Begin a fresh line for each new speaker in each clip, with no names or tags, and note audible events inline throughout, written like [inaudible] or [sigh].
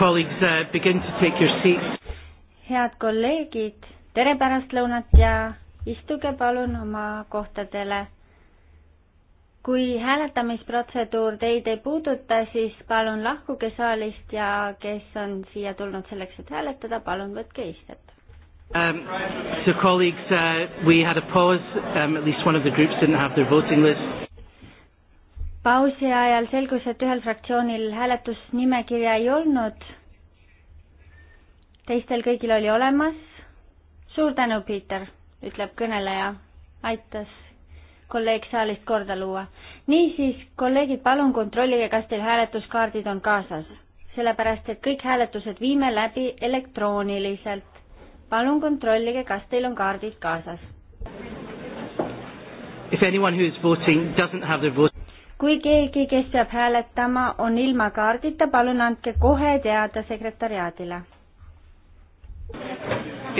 colleagues uh, begin to take your seats.
head kolleegid, tere pärastlõunat ja istuge palun oma kohtadele. kui hääletamisprotseduur teid ei puuduta, siis palun lahkuge saalist ja kes on siia tulnud selleks, et hääletada, palun võtke istet.
Um, so colleagues, uh, we had a pause, um, at least one of the groups didn't have their voting list
pausi ajal selgus, et ühel fraktsioonil hääletusnimekirja ei olnud, teistel kõigil oli olemas. suur tänu, Piiter, ütleb kõneleja, aitas kolleeg saalist korda luua. niisiis, kolleegid, palun kontrollige, kas teil hääletuskaardid on kaasas, sellepärast et kõik hääletused viime läbi elektrooniliselt. palun kontrollige, kas teil on kaardid kaasas.
If anyone who is voting doesn't have their vote
kui keegi, kes jääb hääletama, on ilma kaardita, palun andke kohe teada sekretäriaadile.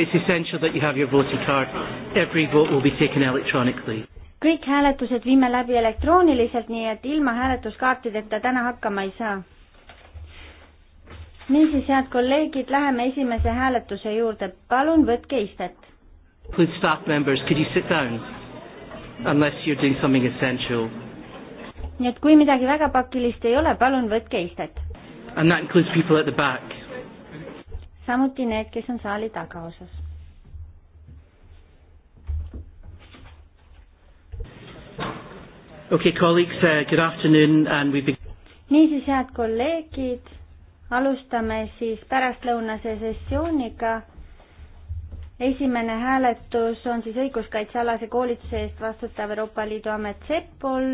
It's essential that you have your voting card. Every vote will be taken electronically.
kõik hääletused viime läbi elektrooniliselt, nii et ilma hääletuskaartideta täna hakkama ei saa. niisiis, head kolleegid, läheme esimese hääletuse juurde. palun võtke istet.
Please staff members, could you sit down? Unless you are doing something essential
nii et kui midagi väga pakilist ei ole, palun võtke istet.
And that includes people at the back.
samuti need, kes on saali tagaosas.
Okay, colleagues, uh, good afternoon and we begin.
niisiis, head kolleegid, alustame siis pärastlõunase sessiooniga esimene hääletus on siis õiguskaitsealase koolituse eest vastutav Euroopa Liidu amet CEPOL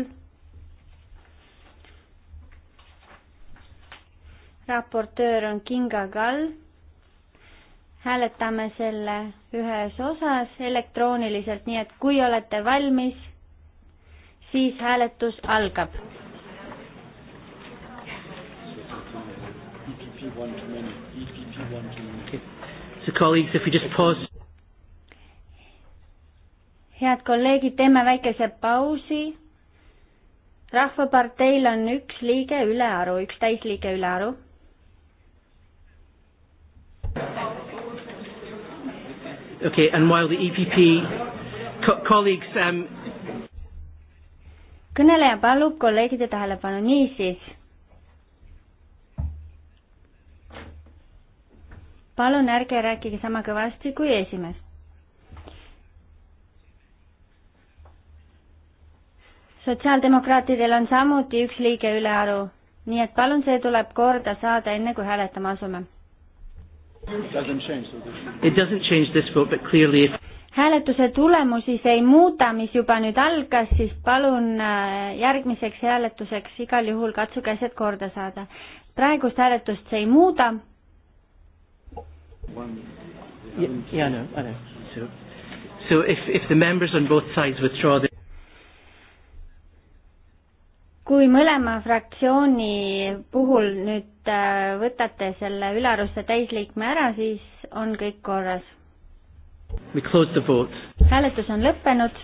raportöör on Kinga Kall. hääletame selle ühes osas elektrooniliselt, nii et kui olete valmis, siis hääletus algab.
So colleagues, if you just pause.
head kolleegid, teeme väikese pausi rahvaparteil on üks liige ülearu, üks täisliige ülearu
Okay, and while the EPP co colleagues um...
kõneleja palub kolleegide tähelepanu, niisiis. palun ärge rääkige sama kõvasti kui esimees. sotsiaaldemokraatidel on samuti üks liige ülearu, nii et palun, see tuleb korda saada, enne kui hääletama asume hääletuse tulemusi see ei muuda, mis juba nüüd algas, siis palun äh, järgmiseks hääletuseks igal juhul katsuge asjad korda saada. praegust hääletust see ei muuda.
Yeah, yeah, no, I know. So, so if, if the members on both sides withdraw their
kui mõlema fraktsiooni puhul nüüd äh, võtate selle ülarusse täisliikme ära, siis on kõik korras. hääletus on lõppenud.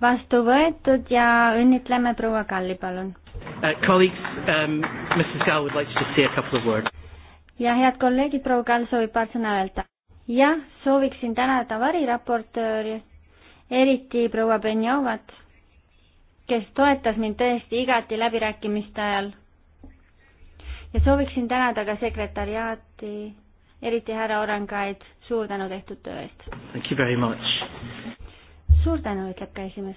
vastu võetud ja õnnitleme proua Kalli, palun
uh,. Um,
ja head kolleegid, proua Kall soovib paar sõna öelda. jah, sooviksin tänada variraportööri, eriti proua Benjovat kes toetas mind tõesti igati läbirääkimiste ajal. ja sooviksin tänada ka sekretariaati, eriti härra Orangaid, suur tänu tehtud töö eest. suur tänu, ütleb ka esimees.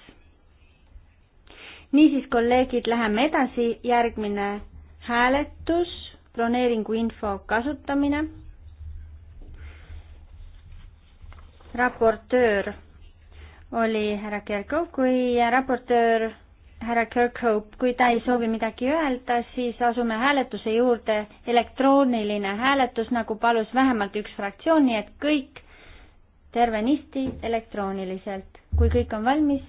niisiis, kolleegid, läheme edasi, järgmine hääletus, broneeringu info kasutamine. raportöör oli härra Kirkhope, kui raportöör härra Kirkhope, kui ta ei soovi midagi öelda, siis asume hääletuse juurde. elektrooniline hääletus, nagu palus vähemalt üks fraktsioon, nii et kõik tervenisti elektrooniliselt, kui kõik on valmis.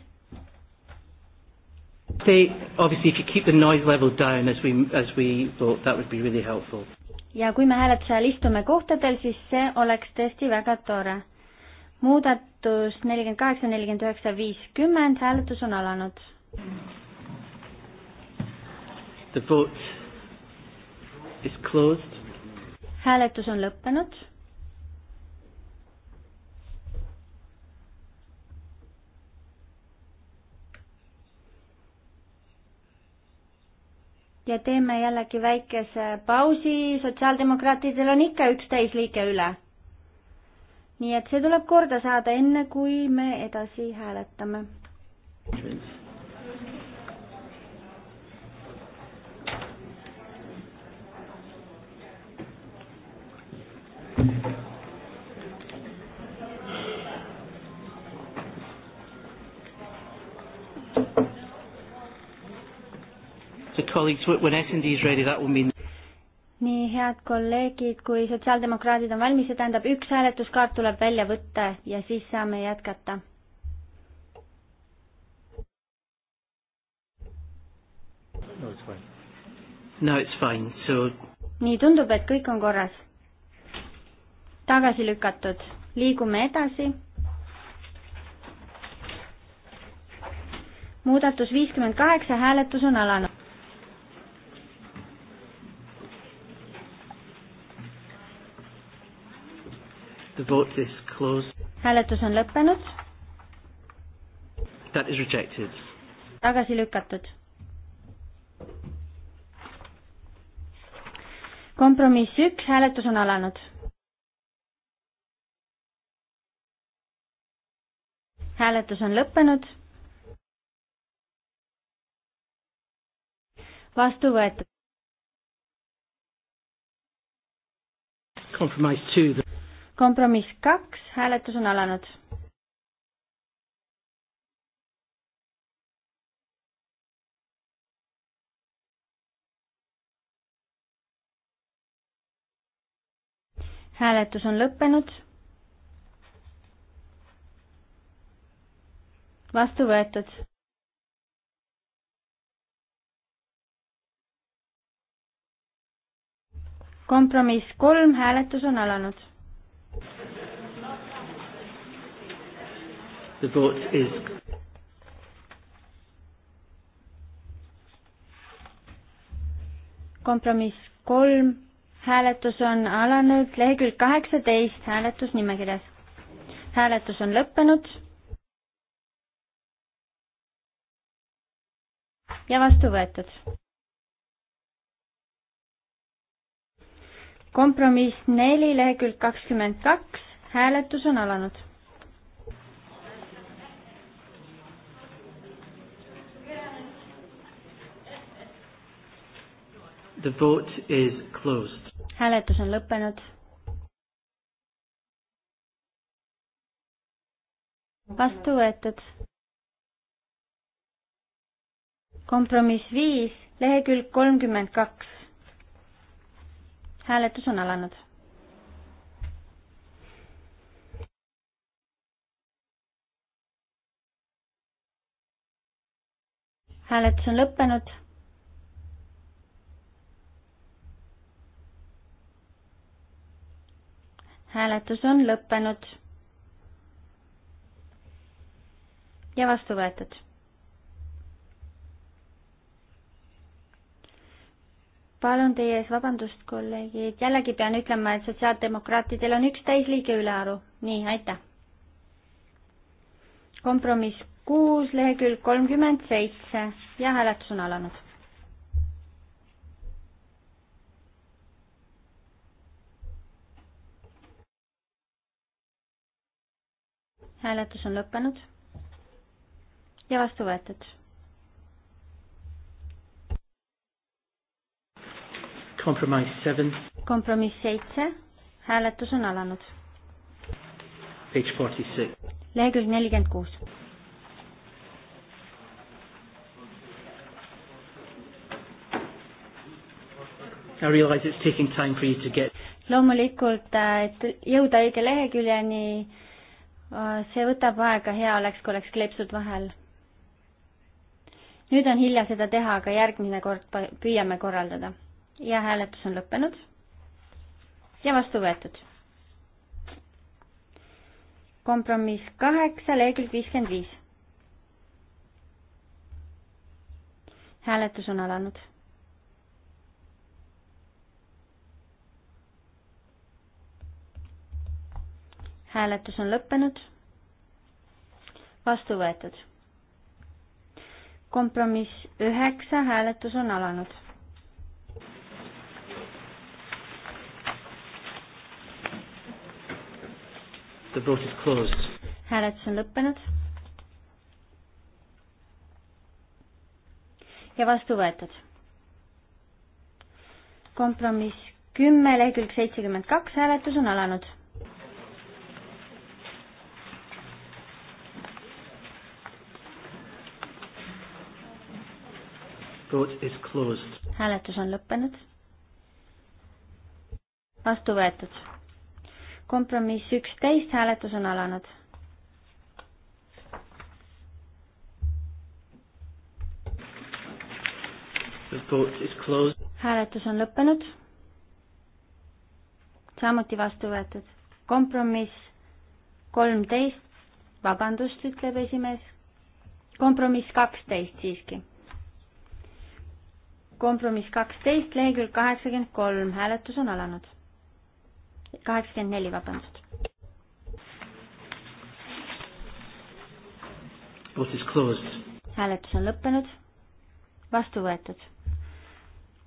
They obviously if you keep the noise level down as we as we vote that would be really helpful.
ja kui me hääletuse ajal istume kohtadel, siis see oleks tõesti väga tore muudatus nelikümmend kaheksa, nelikümmend üheksa, viiskümmend, hääletus on alanud.
The vote is closed.
hääletus on lõppenud. ja teeme jällegi väikese pausi, sotsiaaldemokraatidel on ikka üksteis liige üle nii et see tuleb korda saada, enne kui me edasi hääletame.
So colleagues, when S&D is ready, that will mean
nii, head kolleegid, kui sotsiaaldemokraadid on valmis, see tähendab, üks hääletuskaart tuleb välja võtta ja siis saame jätkata.
no it's fine. No it's fine, so.
nii tundub, et kõik on korras. tagasi lükatud, liigume edasi. muudatus viiskümmend kaheksa, hääletus on alanud.
The vote is closed.
hääletus on lõppenud.
That is rejected.
tagasi lükatud. kompromiss üks, hääletus on alanud. hääletus on lõppenud. vastu võetud.
Compromise two
kompromiss kaks, hääletus on alanud. hääletus on lõppenud. vastu võetud. kompromiss kolm, hääletus on alanud
The vote is.
kompromiss kolm, hääletus on alanud lehekülg kaheksateist hääletusnimekirjas. hääletus on lõppenud. ja vastu võetud. kompromiss neli, lehekülg kakskümmend kaks, hääletus on alanud
The vote is closed.
hääletus on lõppenud. vastu võetud. kompromiss viis, lehekülg kolmkümmend kaks. hääletus on alanud. hääletus on lõppenud hääletus on lõppenud. ja vastu võetud. palun teie ees vabandust, kolleegid, jällegi pean ütlema, et sotsiaaldemokraatidel on üks täisliige ülearu. nii, aitäh. kompromiss kuus, lehekülg kolmkümmend seitse ja hääletus on alanud hääletus on lõppenud ja vastu võetud. kompromiss seitse, hääletus on alanud. lehekülg nelikümmend kuus.
I realize it's taking time for you to get
loomulikult, äh, et jõuda õige leheküljeni Äh, see võtab aega, hea oleks, kui oleks kleepsud vahel. nüüd on hilja seda teha, aga järgmine kord püüame korraldada. ja hääletus on lõppenud ja vastu võetud. kompromiss kaheksa, lehekülg viiskümmend viis. hääletus on alanud hääletus on lõppenud. vastu võetud. kompromiss üheksa, hääletus on alanud.
The vote is closed.
hääletus on lõppenud. ja vastu võetud. kompromiss kümme, lehekülg seitsekümmend kaks, hääletus on alanud hääletus on lõppenud. vastu võetud. kompromiss üksteist, hääletus on alanud. hääletus on lõppenud. samuti vastu võetud. kompromiss kolmteist, vabandust, ütleb esimees. kompromiss kaksteist siiski kompromiss kaksteist, lehekülg kaheksakümmend kolm, hääletus on alanud. kaheksakümmend neli, vabandust. hääletus on lõppenud, vastu võetud.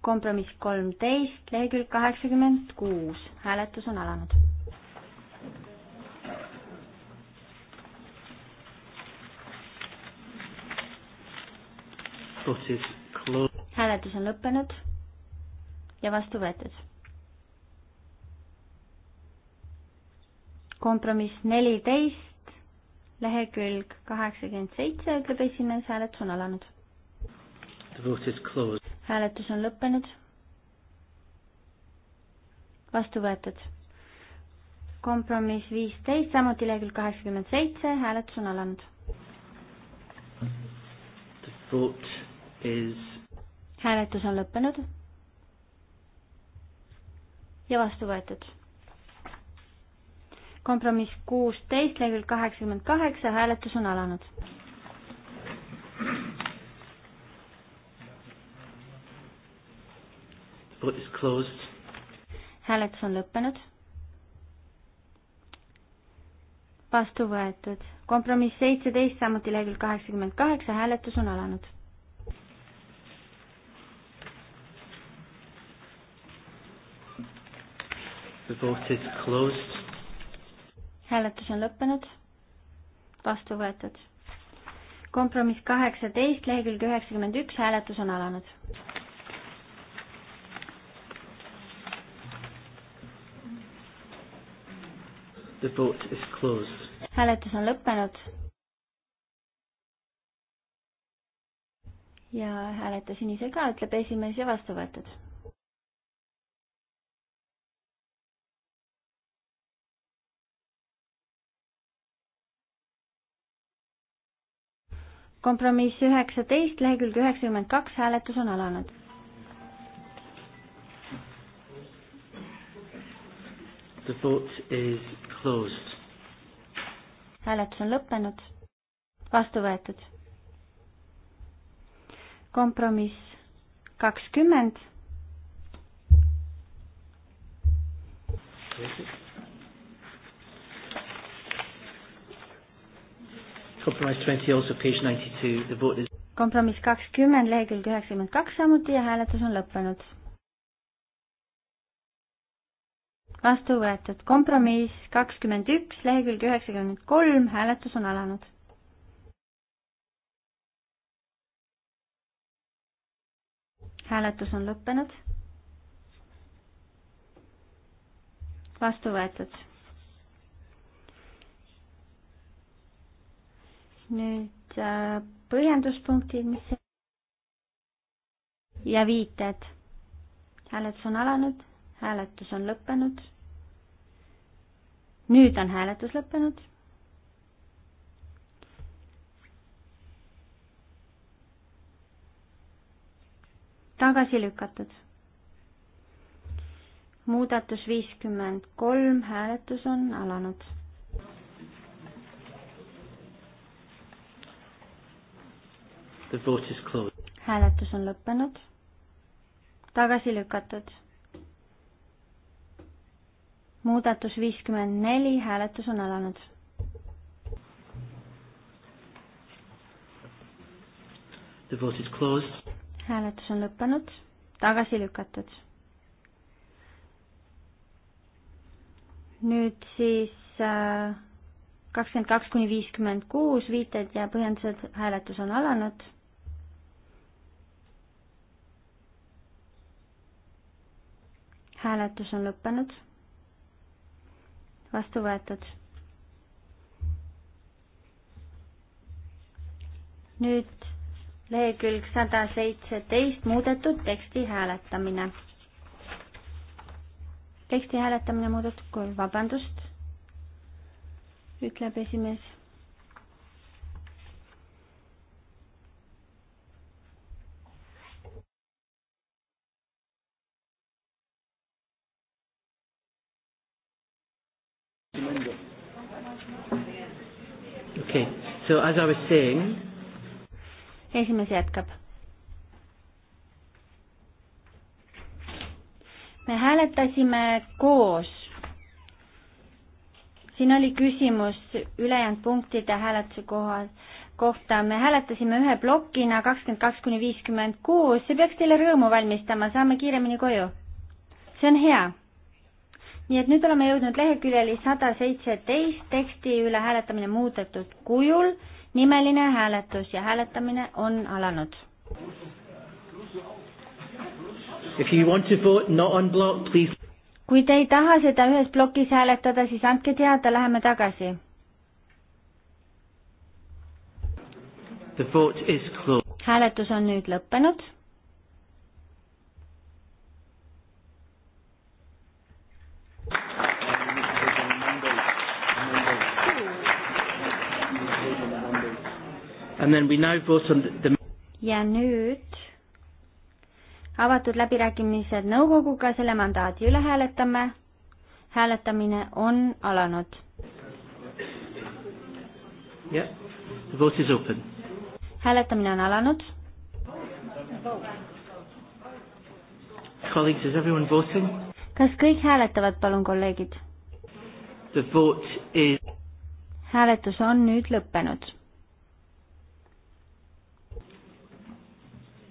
kompromiss kolmteist, lehekülg kaheksakümmend kuus, hääletus on alanud. protsess hääletus on lõppenud ja vastu võetud. kompromiss neliteist, lehekülg kaheksakümmend seitse, ütleb esimees, hääletus on alanud. hääletus on lõppenud. vastu võetud. kompromiss viisteist, samuti lehekülg kaheksakümmend seitse, hääletus on alanud.
The vote is
hääletus on lõppenud ja vastu võetud. kompromiss kuusteist, lehekülg kaheksakümmend kaheksa, hääletus on alanud. hääletus on lõppenud. vastu võetud. kompromiss seitseteist, samuti lehekülg kaheksakümmend kaheksa, hääletus on alanud
The vote is closed.
hääletus on lõppenud, vastu võetud. kompromiss kaheksateist, lehekülg üheksakümmend üks, hääletus on alanud.
The vote is closed.
hääletus on lõppenud. ja hääletasin ise ka, ütleb esimees ja vastu võetud kompromiss üheksateist, lehekülg üheksakümmend kaks, hääletus on alanud.
The vote is closed.
hääletus on lõppenud, vastu võetud. kompromiss kakskümmend. kompromiss kakskümmend, lehekülg üheksakümmend kaks samuti ja hääletus on lõppenud. vastu võetud kompromiss kakskümmend üks, lehekülg üheksakümmend kolm, hääletus on alanud. hääletus on lõppenud. vastu võetud nüüd äh, põhjenduspunktid, mis ja viited. hääletus on alanud, hääletus on lõppenud. nüüd on hääletus lõppenud tagasi lükatud. muudatus viiskümmend kolm, hääletus on alanud
The vote is closed.
hääletus on lõppenud. tagasi lükatud. muudatus viiskümmend neli, hääletus on alanud.
The vote is closed.
hääletus on lõppenud, tagasi lükatud. nüüd siis äh, kakskümmend kaks kuni viiskümmend kuus, viited ja põhjendused, hääletus on alanud hääletus on lõppenud. vastu võetud. nüüd lehekülg sada seitseteist muudetud teksti hääletamine. teksti hääletamine muudetud kujul, vabandust, ütleb esimees So as I was saying, esimees jätkab. me hääletasime koos. siin oli küsimus ülejäänud punktide hääletuse kohas, kohta. me hääletasime ühe plokina kakskümmend kaks kuni viiskümmend kuus, see peaks teile rõõmu valmistama, saame kiiremini koju. see on hea nii et nüüd oleme jõudnud leheküljeli sada seitseteist, teksti üle hääletamine muudetud kujul, nimeline hääletus ja hääletamine on alanud.
Block,
kui te ei taha seda ühes plokis hääletada, siis andke teada, läheme tagasi. hääletus on nüüd lõppenud
And then we now vote on the
ja nüüd avatud läbirääkimised nõukoguga selle mandaadi üle hääletame. hääletamine on alanud. jah yeah., the vote is open. hääletamine on alanud.
Colleagues, is everyone voting?
kas kõik hääletavad, palun, kolleegid?
The vote is
hääletus on nüüd lõppenud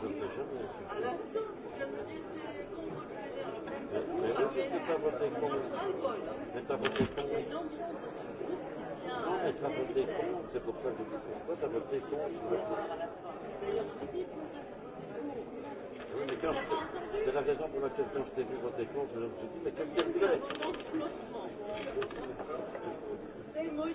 T'as voté contre. Non, mais t'as voté contre, c'est pour ça que je dis pourquoi t'as voté contre. Oui, mais quand je... C'est la raison pour laquelle quand je t'ai vu voter contre, je me suis dit, mais qu'est-ce qu'elle fait C'est maudit.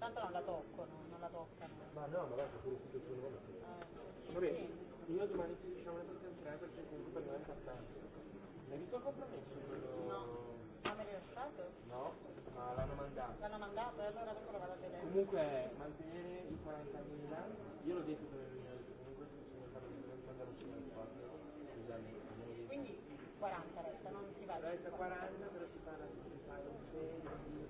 Tanto non la toccano, non la toccano. Ma no, ma guarda, pure tutto il giorno. Eh. Lore, io domani ci diciamo le porte in tre perché comunque per noi è importante. Hai visto il compromesso quello? No. Ma me l'hai lasciato? No, ma l'hanno mandato. L'hanno mandato e allora dopo lo vado a vedere. Comunque mantenere 40.000, io l'ho detto per il comunque sono stato mandato solo al 4, scusami. Quindi 40 resta, non si va. Resta 40, però si parla di un paio di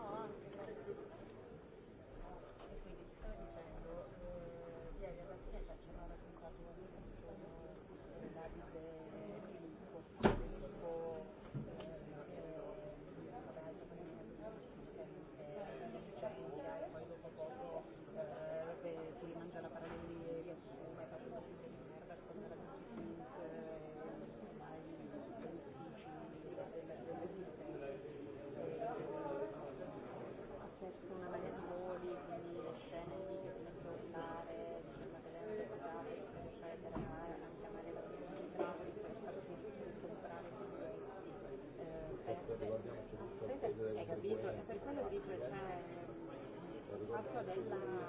của đấy là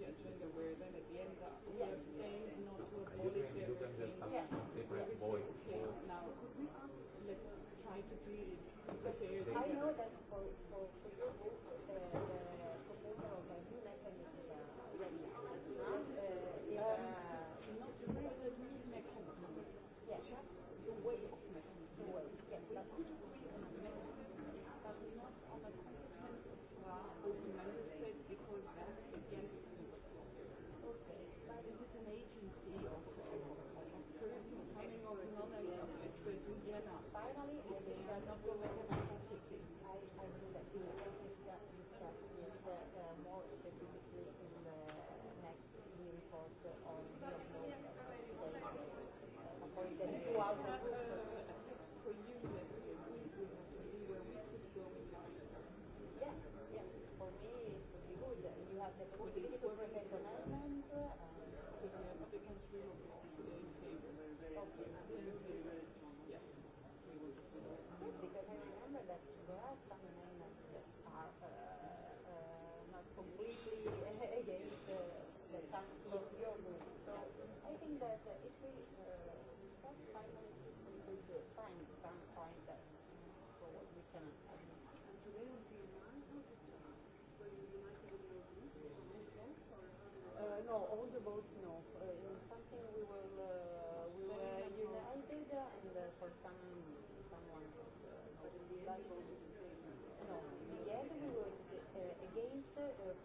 the agenda where then at the end of we are saying not to abolish everything. Yes. Now, let's try to please prepare the I know that for, for, for your book, the, the proposal of a new mechanism uh, ready. Uh, uh, uh, not really the new mechanism. Yes. Just the way of mechanism. Yes. But could you agree on you're not. Finally, I think you are not going to have a I, I think that you will start, you start with the, the more specific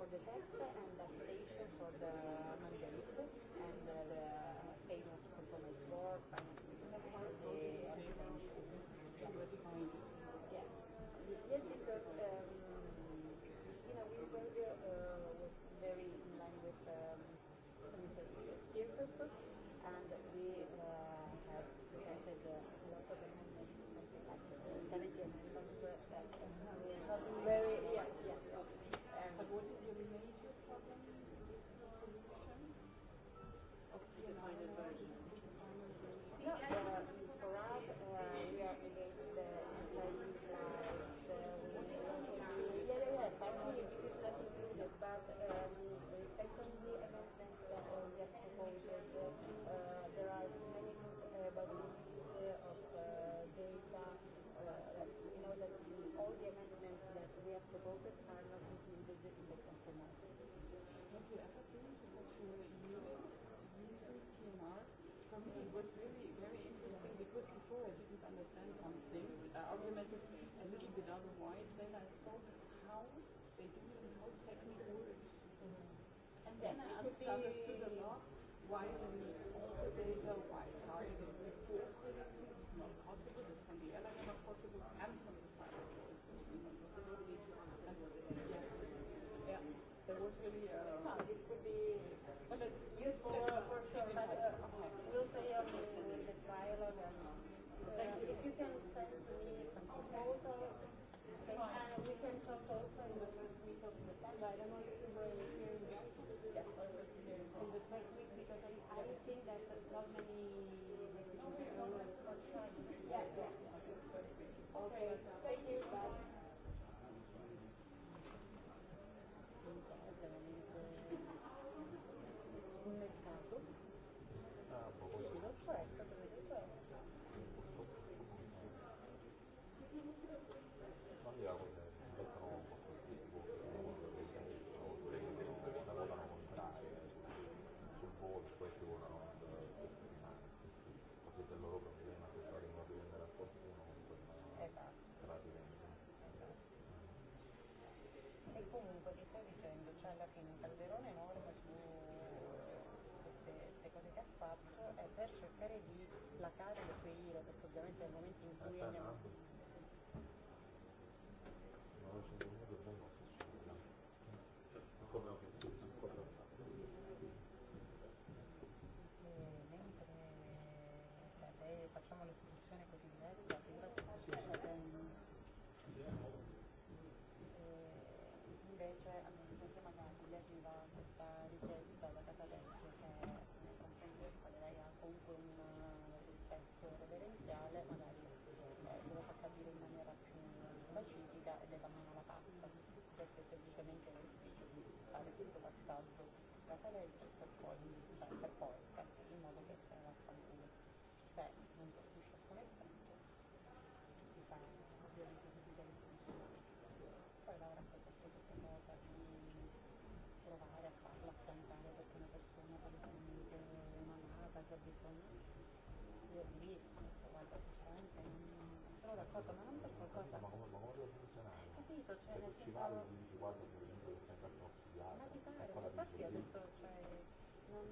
for the test and focus our lovely users in the compromise. Have you ever been to to users TMR? For me, it was really very interesting because before I didn't understand something, uh, argumented a little bit otherwise. Then I thought how they do it and how technical it is. And then I understood a lot why the Gracias.
per ultimare
quindi riguardo al movimento che è sempre stato studiato.
Ma di vero, infatti adesso cioè, non,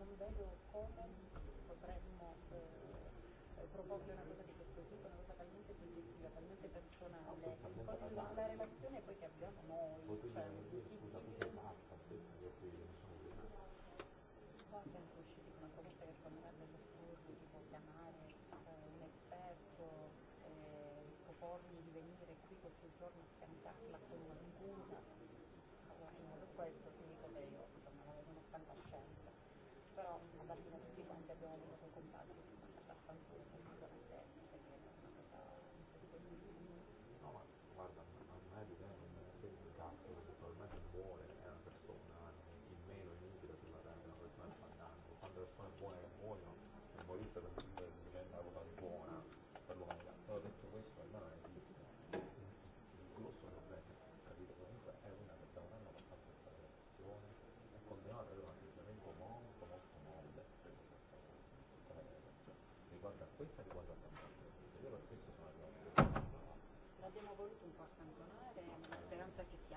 non vedo come potremmo eh, proporre una cosa di questo tipo, una cosa talmente soggettiva, talmente personale, con la relazione poi che abbiamo noi. Cioè,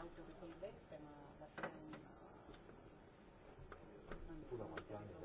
autoricontext, ma la fine... Pure
qualche anno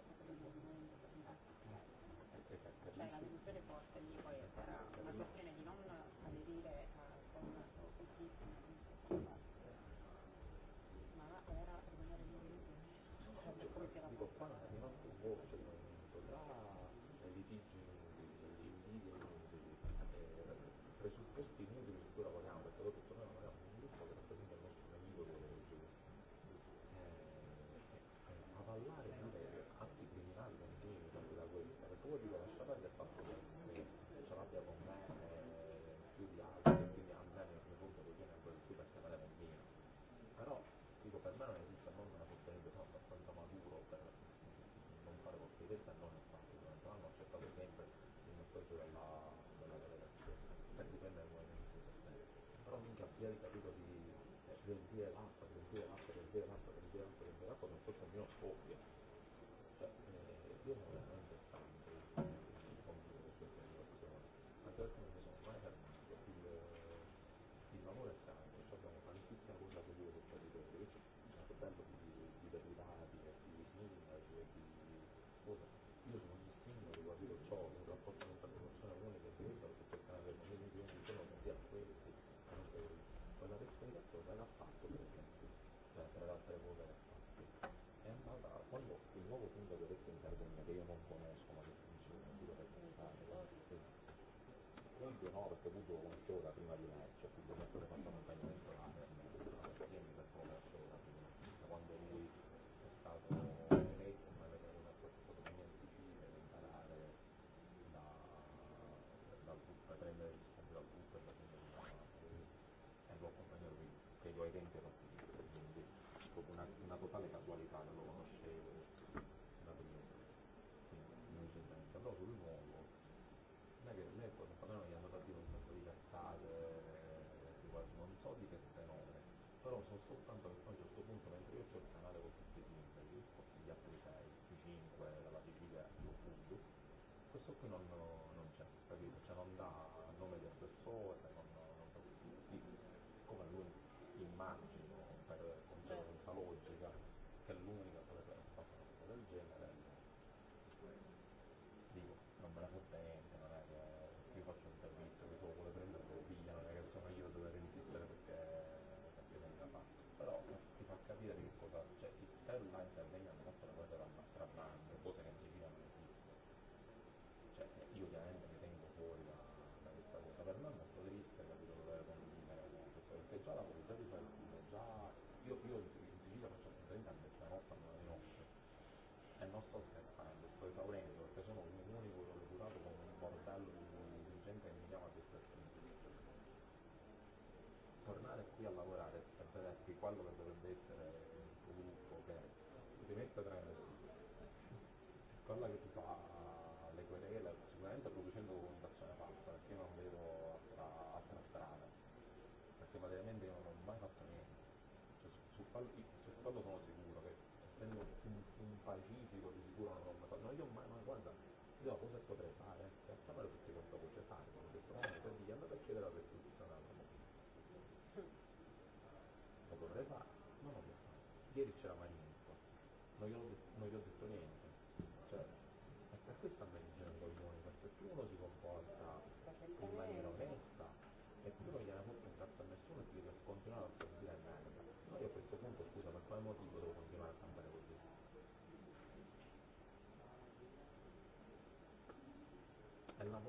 dovuto come ancora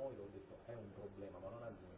noi l'ho detto è un problema, ma non abbiamo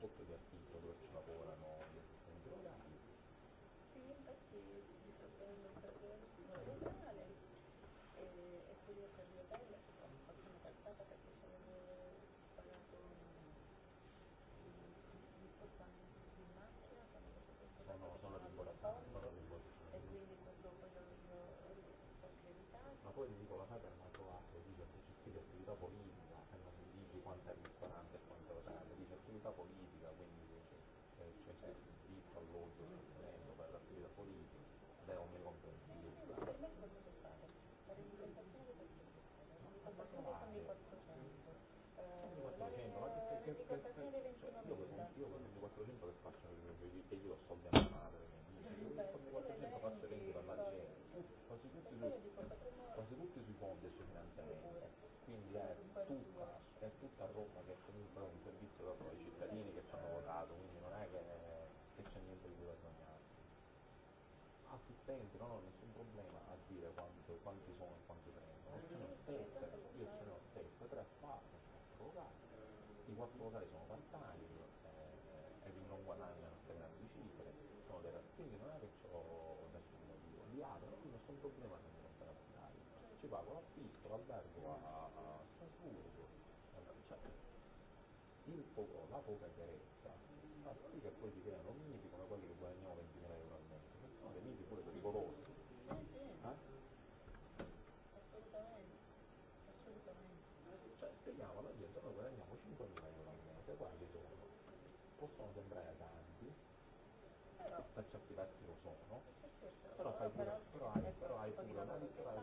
poco de artículos Gracias. coperre ah, ma quelli che poi ti creano miti come quelli che guadagnano 20.000 euro al mese sono dei miti pure pericolosi eh,
sì. eh? assolutamente assolutamente
cioè spieghiamo alla gente noi guadagniamo 5.000 euro al mese quanti sono possono sembrare tanti però per certi versi lo sono però, però, hai, però, hai, però hai pure una, però hai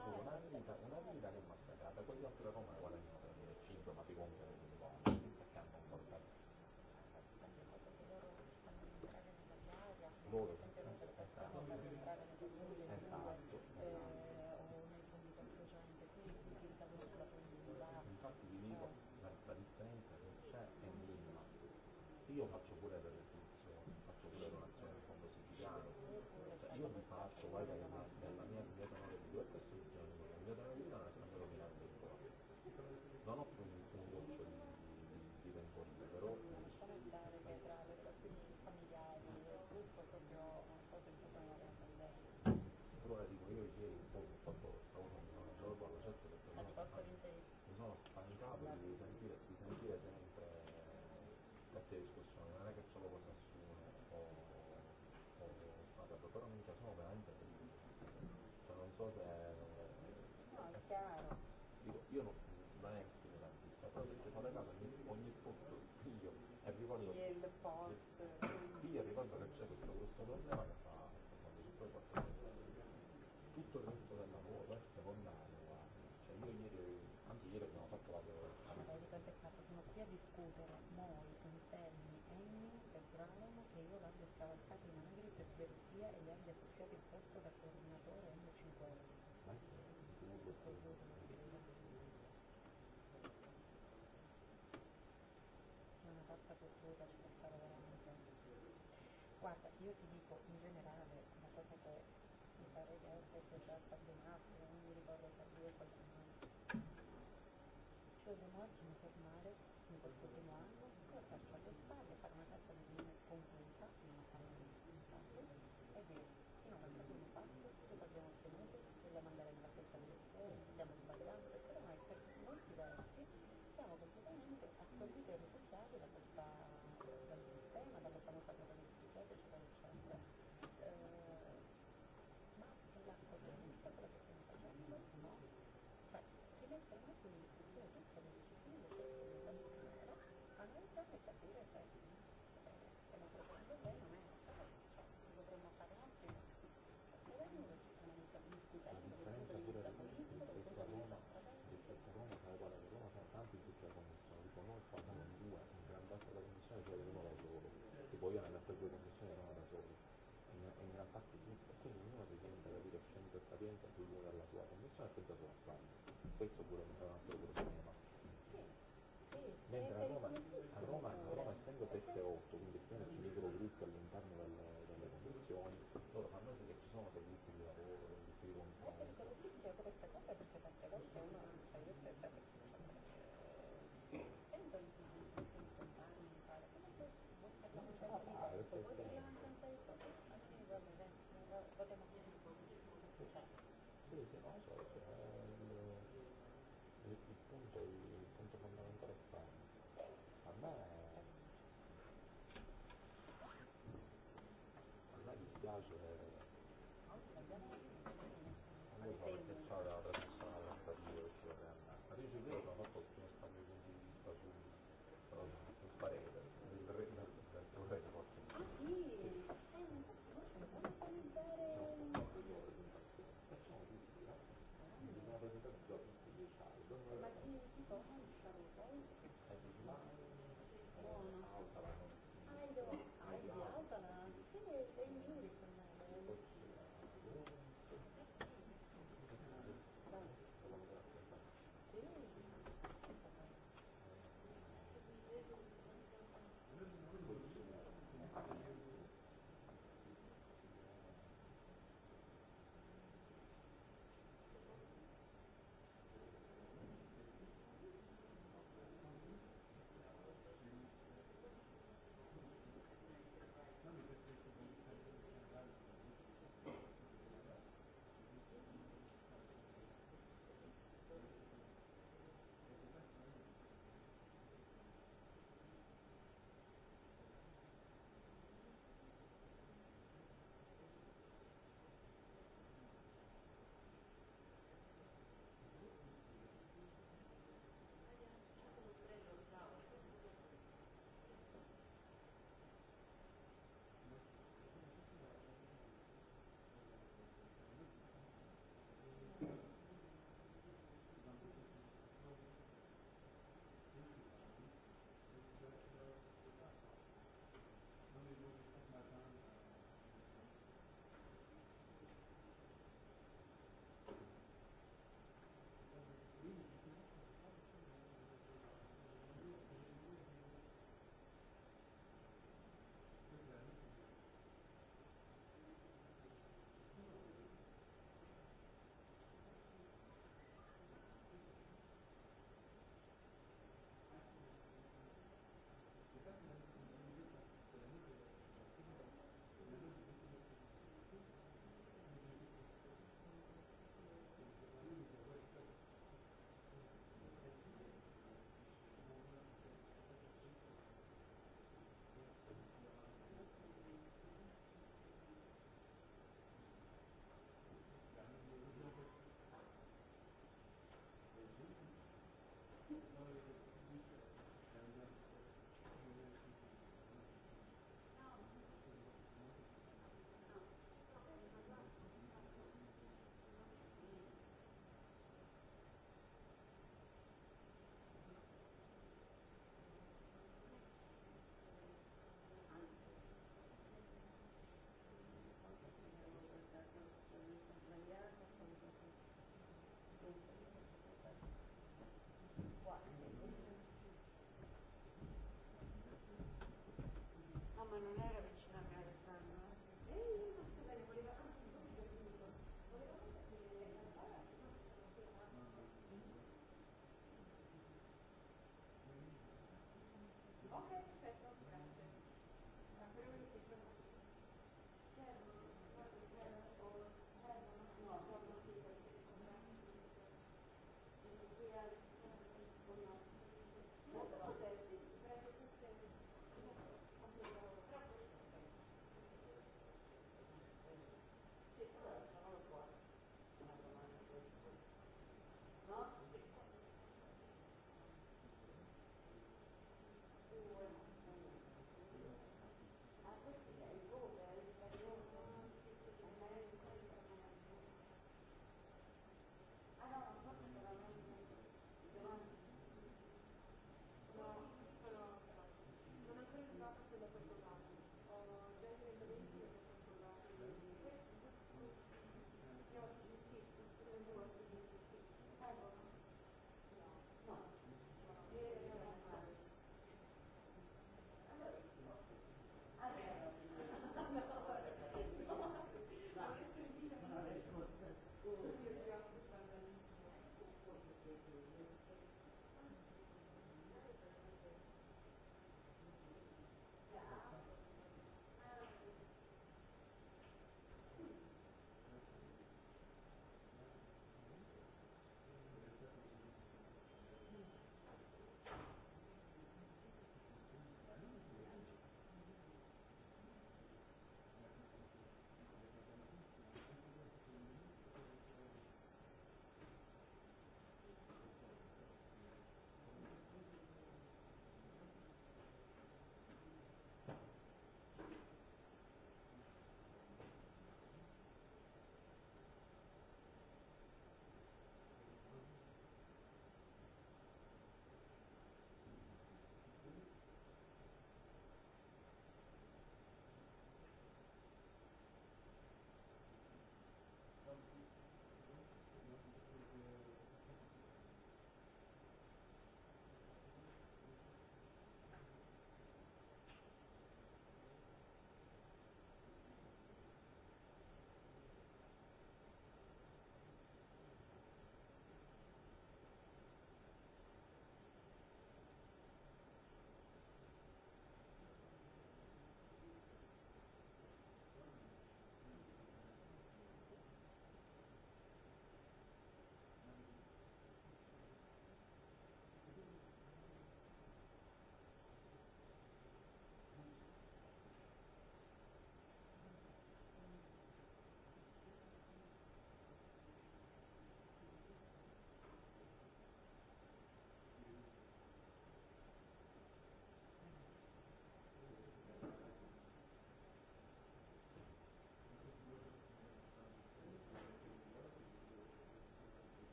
adatto tuttora ci può stare veramente.
Guarda, io ti dico in generale una cosa che mi pare che fosse già stato fatto, non mi ricordo per dire qualche anno. Cioè, domani mi
fermare in questo primo anno kai su gurin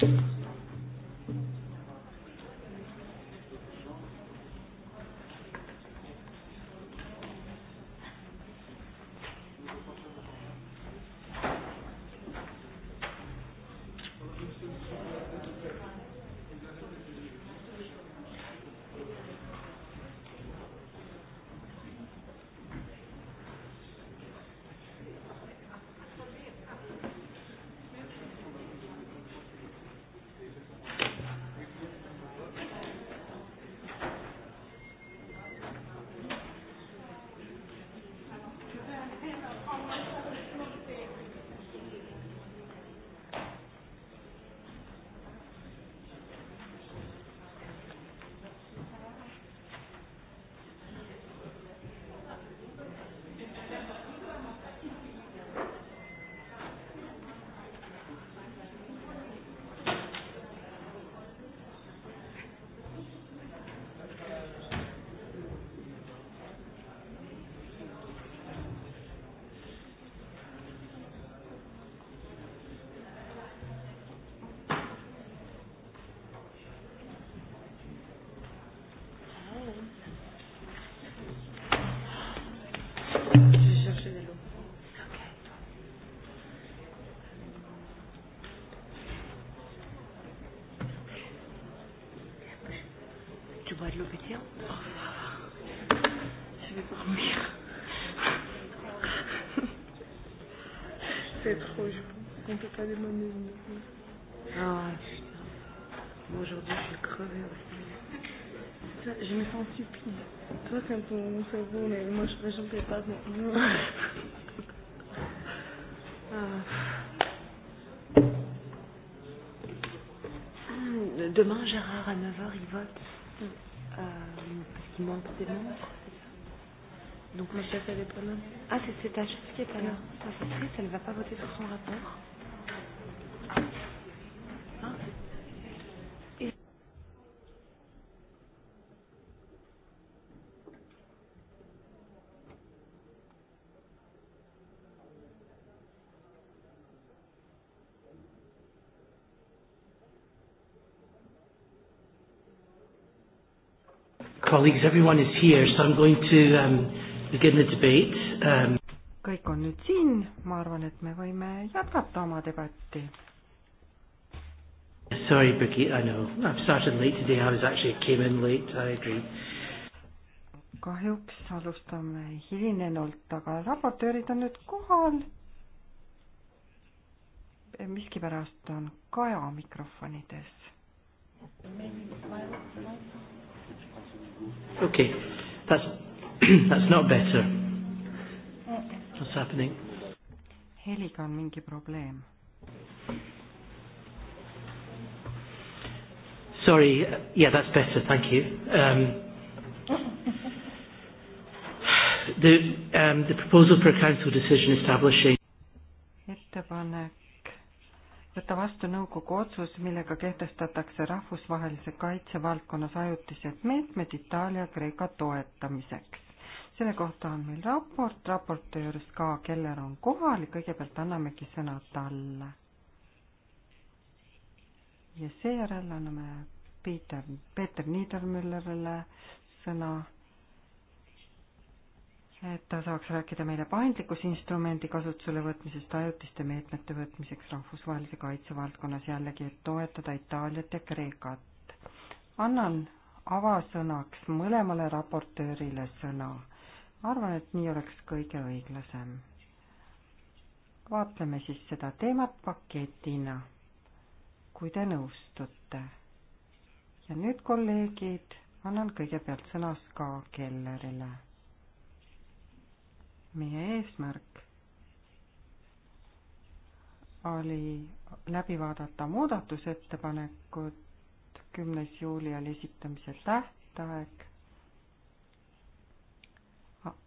Thank you. peut pas demander une minute. Ah, putain. Moi, aujourd'hui, je suis crevée aussi. Je me sens stupide. Toi, c'est un peu mon cerveau, mais moi, je ne fais pas. Non. ah. Hmm, demain, Gérard, à 9h, il vote. Mm. Euh, parce qu'il manque ses membres. Donc ma chef, elle est pas là. Ah, c'est ta chef qui est pas là. Ça, ah, c'est triste, elle ne va pas voter sur son rapport.
colleagues, everyone is here, so I'm going to um, begin the debate. Um,
kõik on nüüd siin, ma arvan, et me võime jätkata oma
debatti. Sorry, Brigitte, I know. I've started late today. I was actually came in late. I agree.
kahjuks alustame hilinenult, aga raportöörid on nüüd kohal. miskipärast on Kaja mikrofonides.
Okay, that's, [clears throat] that's not better.
What's happening? heliga on mingi probleem.
Sorry, uh, yeah, that's better, thank you um,. The um, the proposal for a council decision establishing
ettepanek võtta vastu nõukogu otsus, millega kehtestatakse rahvusvahelise kaitse valdkonnas ajutised meetmed Itaalia-Kreeka toetamiseks. selle kohta on meil raport, raportöör Ska Keller on kohal ja kõigepealt annamegi sõna talle. ja seejärel anname Peeter, Peeter Niedermüllerile sõna et ta saaks rääkida meile paindlikus instrumendi kasutusele võtmisest ajutiste meetmete võtmiseks rahvusvahelise kaitse valdkonnas jällegi, et toetada Itaaliat ja Kreekat. annan avasõnaks mõlemale raportöörile sõna. arvan, et nii oleks kõige õiglasem. vaatleme siis seda teemat paketina, kui te nõustute. ja nüüd, kolleegid, annan kõigepealt sõna Ska Kellerile meie eesmärk oli läbi vaadata muudatusettepanekud, kümnes juuli oli esitamise tähtaeg.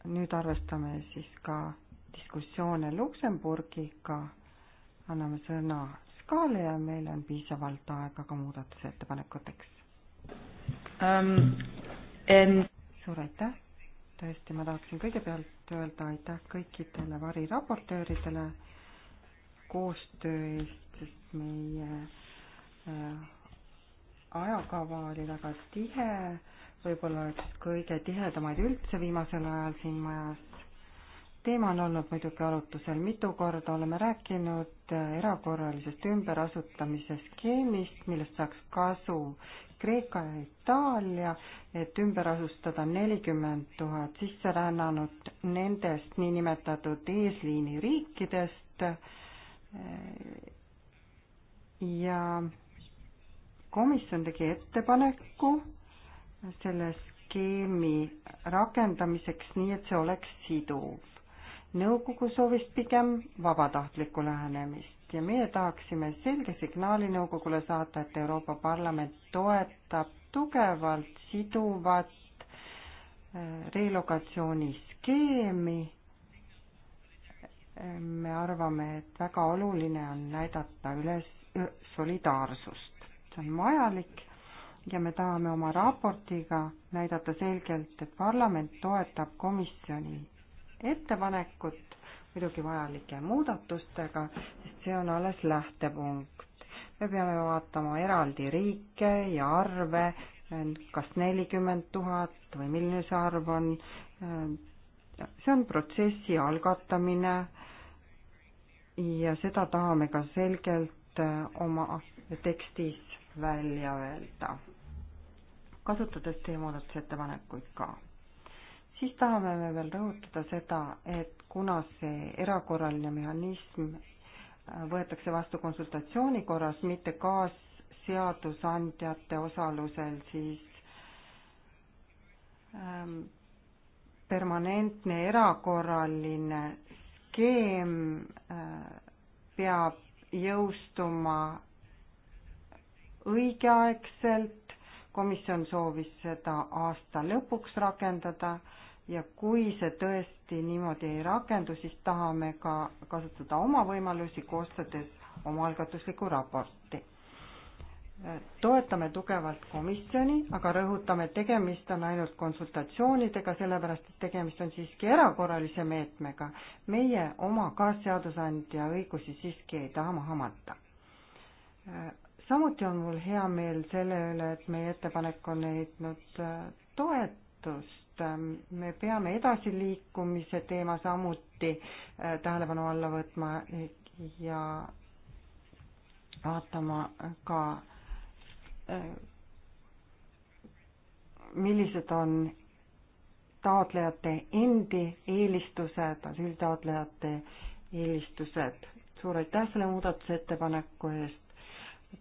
nüüd arvestame siis ka diskussioone Luksemburgiga, anname sõna Skaale ja meil on piisavalt aega ka muudatusettepanekuteks um,. Ähm, And... Ähm. suur aitäh, tõesti, ma tahaksin kõigepealt tahtnud öelda aitäh kõikidele variraportööridele koostöö eest, sest meie äh, ajakava oli väga tihe, võib-olla üks kõige tihedamaid üldse viimasel ajal siin majas. teema on olnud muidugi arutusel mitu korda, oleme rääkinud äh, erakorralisest ümberasutamise skeemist, millest saaks kasu Kreeka ja Itaalia, et ümber asustada nelikümmend tuhat sisserännanut nendest niinimetatud eesliini riikidest. ja komisjon tegi ettepaneku selle skeemi rakendamiseks nii, et see oleks siduv. nõukogu soovis pigem vabatahtlikku lähenemist ja meie tahaksime selge signaali nõukogule saata, et Euroopa Parlament toetab tugevalt siduvat äh, relokatsiooniskeemi. me arvame, et väga oluline on näidata üles äh, solidaarsust, see on vajalik ja me tahame oma raportiga näidata selgelt, et parlament toetab komisjoni ettepanekut muidugi vajalike muudatustega, sest see on alles lähtepunkt. me peame vaatama eraldi riike ja arve, kas nelikümmend tuhat või milline see arv on. see on protsessi algatamine ja seda tahame ka selgelt oma tekstis välja öelda, kasutades teie muudatusettepanekuid ka siis tahame me veel rõhutada seda, et kuna see erakorraline mehhanism võetakse vastu konsultatsiooni korras, mitte kaasseadusandjate osalusel, siis ähm, permanentne erakorraline skeem äh, peab jõustuma õigeaegselt, komisjon soovis seda aasta lõpuks rakendada äh,, ja kui see tõesti niimoodi ei rakendu, siis tahame ka kasutada oma võimalusi, koostades omaalgatusliku raporti. toetame tugevalt komisjoni, aga rõhutame, et tegemist on ainult konsultatsioonidega, sellepärast et tegemist on siiski erakorralise meetmega. meie oma kaasseadusandja õigusi siiski ei taha maha matta samuti on mul hea meel selle üle, et meie ettepanek on leidnud toetust. Ähm, me peame edasiliikumise teema samuti äh, tähelepanu alla võtma ja vaatama ka, äh, millised on taotlejate endi eelistused, asüülitaotlejate eelistused. suur aitäh selle muudatusettepaneku eest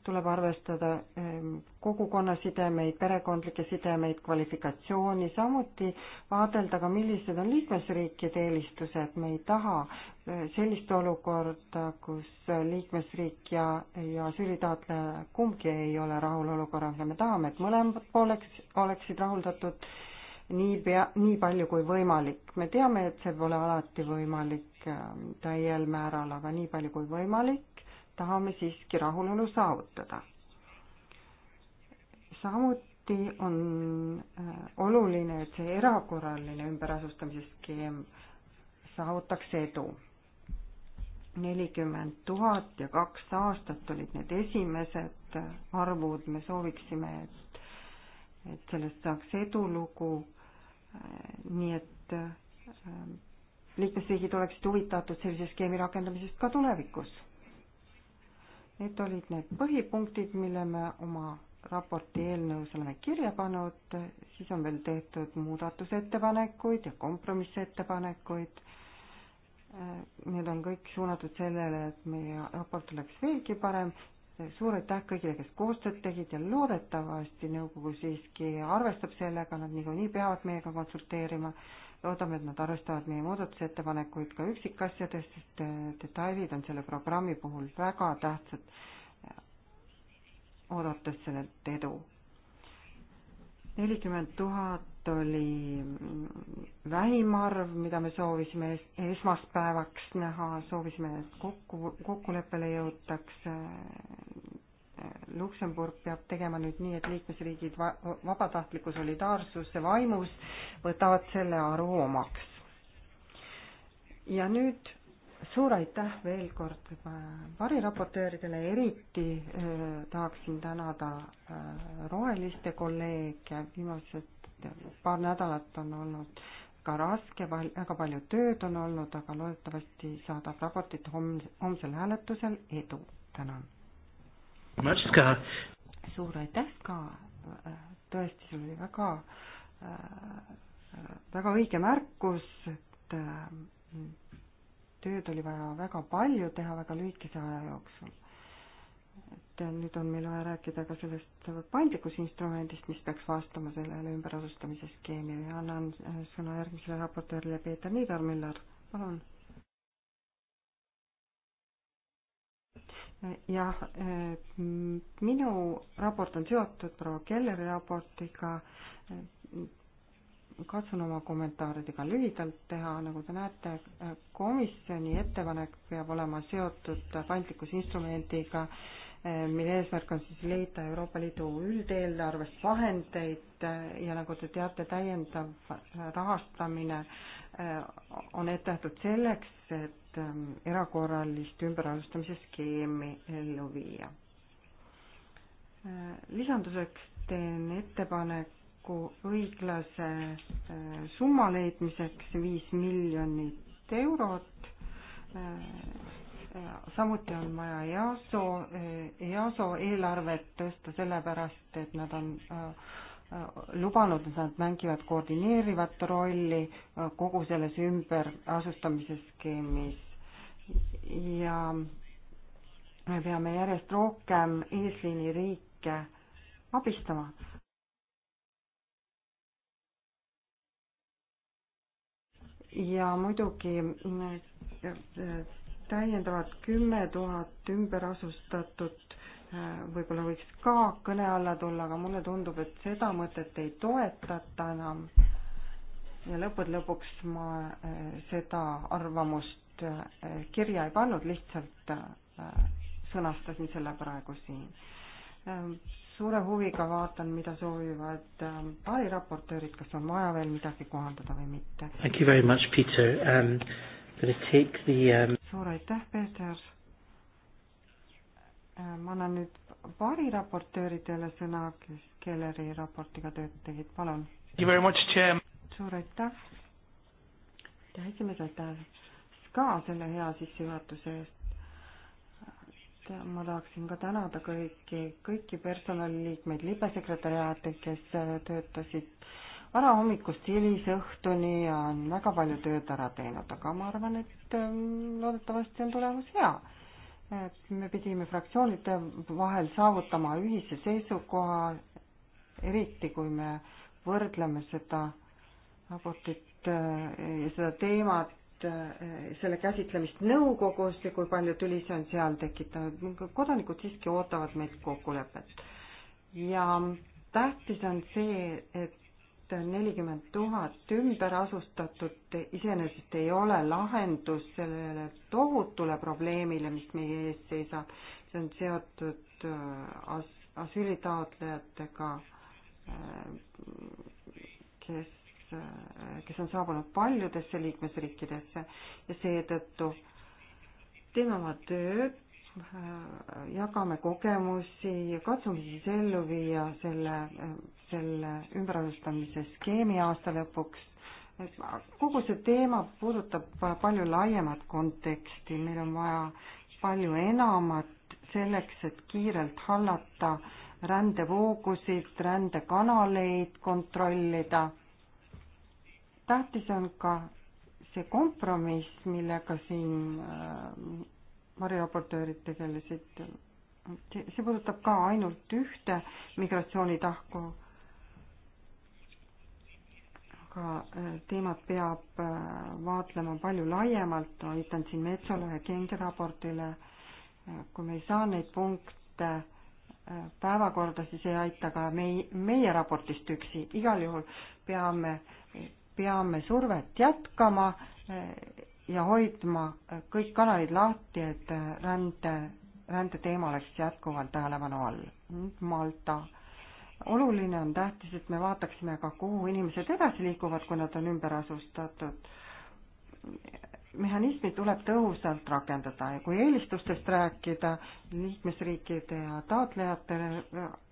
tuleb arvestada ehm, kogukonna sidemeid, perekondlikke sidemeid, kvalifikatsiooni, samuti vaadelda ka, millised on liikmesriikide eelistused, me ei taha eh, sellist olukorda, kus liikmesriik ja, ja süülitaotleja kumbki ei ole rahul olukorraga, me tahame, et mõlemad pooleks oleksid rahuldatud nii pea, nii palju kui võimalik. me teame, et see pole alati võimalik ehm, täiel määral, aga nii palju kui võimalik tahame siiski rahulolu saavutada. samuti on äh, oluline, et see erakorraline ümberasustamise skeem saavutaks edu. nelikümmend tuhat ja kaks aastat olid need esimesed äh, arvud, me sooviksime, et, et sellest saaks edulugu. Äh, nii et liikmesriigid oleksid huvitatud sellise skeemi rakendamisest ka tulevikus Need olid need põhipunktid, mille me oma raporti eelnõus oleme kirja pannud, siis on veel tehtud muudatusettepanekuid ja kompromissettepanekuid. Need on kõik suunatud sellele, et meie raport oleks veelgi parem. suur aitäh kõigile, kes koostööd tegid ja loodetavasti nõukogu siiski arvestab sellega, nad niikuinii peavad meiega konsulteerima loodame, et nad arvestavad meie muudatusettepanekuid ka üksikasjades, sest äh, detailid on selle programmi puhul väga tähtsad, oodates sellelt edu. nelikümmend tuhat oli vähim arv, mida me soovisime esmaspäevaks näha, soovisime, et kokku, kokkuleppele jõutakse äh, Luksemburg peab tegema nüüd nii, et liikmesriigid va vabatahtliku solidaarsuse vaimus võtavad selle aru omaks. ja nüüd suur aitäh veel kord variraportööridele, eriti äh, tahaksin tänada äh, roheliste kolleege, viimased paar nädalat on olnud ka raske, väga palju tööd on olnud, aga loodetavasti saadab raportit homse, homsel hääletusel edu. tänan suur aitäh ka, tõesti, sul oli väga, väga õige märkus, et mm, tööd oli vaja väga palju teha väga lühikese aja jooksul. et eh, nüüd on meil vaja rääkida ka sellest paindlikkusinstrumendist, mis peaks vastama sellele ümberasustamise skeemile ja annan eh, sõna järgmisele raportöörile Peeter Niidermüller, palun jah, eh, minu raport on seotud proua Kelleri raportiga. Eh, katsun oma kommentaaridega lühidalt teha, nagu te näete, eh, komisjoni ettepanek peab olema seotud paindlikkusinstrumendiga, mille eesmärk on siis leida Euroopa Liidu üldeelarvest vahendeid ja nagu te teate, täiendav rahastamine on ette nähtud selleks, et Ähm, erakorralist ümberasustamise skeemi ellu viia. Äh, lisanduseks teen ettepaneku õiglase äh, summa leidmiseks viis miljonit eurot. Äh, samuti on vaja EASO, EASO eelarvet tõsta sellepärast, et nad on lubanud, et nad mängivad koordineerivat rolli äh, kogu selles ümberasustamise skeemis. ja me peame järjest rohkem eesliini riike abistama. ja muidugi äh, äh, täiendavalt kümme tuhat ümberasustatut võib-olla võiks ka kõne alla tulla, aga mulle tundub, et seda mõtet ei toetata enam. ja lõppude lõpuks ma eh, seda arvamust eh, kirja ei pannud, lihtsalt eh, sõnastasin selle praegu siin. suure huviga vaatan, mida soovivad variraportöörid, kas on vaja veel midagi kohandada või mitte. Um,
um...
suur aitäh, Peeter Äh, ma annan nüüd variraportööridele sõna, kes Kelleri raportiga tööd tegid, palun. suur aitäh. aitäh, esimees, aitäh ka selle hea sissejuhatuse eest. et ma tahaksin ka tänada kõiki, kõiki personaliliikmeid, libesekretäriaate, kes äh, töötasid varahommikust hilisõhtuni ja on väga palju tööd ära teinud, aga ma arvan, et ähm, loodetavasti on tulemus hea me pidime fraktsioonide vahel saavutama ühise seisukoha, eriti kui me võrdleme seda raportit ja äh, seda teemat, äh, selle käsitlemist nõukogus ja kui palju tüli see on seal tekitanud. kodanikud siiski ootavad meilt kokkulepet ja tähtis on see, et et nelikümmend tuhat ümberasustatut iseenesest ei ole lahendus sellele tohutule probleemile, mis meie ees seisab. see on seotud äh, as-, asüülitaotlejatega, äh, kes, äh, kes on saabunud paljudesse liikmesriikidesse ja seetõttu teeme oma tööd, jagame kogemusi ja katsume siis ellu viia selle selle ümberasustamise skeemi aasta lõpuks. kogu see teema puudutab palju laiemat konteksti, meil on vaja palju enamat selleks, et kiirelt hallata rändevoogusid, rändekanaleid kontrollida. tähtis on ka see kompromiss, millega siin äh, variraportöörid tegelesid see, see puudutab ka ainult ühte migratsioonitahku, aga äh, teemat peab äh, vaatlema palju laiemalt, ma viitan siin Metsole ja Gengi raportile. Äh, kui me ei saa neid punkte päevakorda, siis ei aita ka mei-, meie raportist üksi, igal juhul peame, peame survet jätkama ja hoidma kõik kanalid lahti, et rände, rändeteema oleks jätkuvalt tähelepanu all. Malta oluline on tähtis, et me vaataksime ka, kuhu inimesed edasi liiguvad, kui nad on ümber asustatud. mehhanismi tuleb tõhusalt rakendada ja kui eelistustest rääkida, liikmesriikide ja taotlejate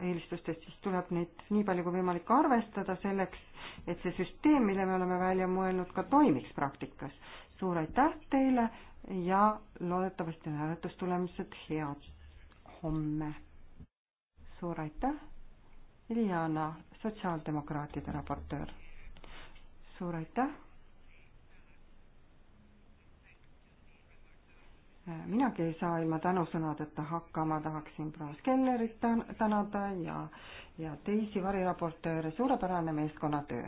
eelistustest, siis tuleb neid nii palju kui võimalik arvestada selleks, et see süsteem, mille me oleme välja mõelnud, ka toimiks praktikas. suur aitäh teile ja loodetavasti on hääletustulemused head homme. suur aitäh Iljana, sotsiaaldemokraatide raportöör. suur aitäh. minagi ei saa ilma tänusõnadeta hakkama, tahaksin proua Skellerit tänada ja, ja teisi variraportööre, suurepärane meeskonnatöö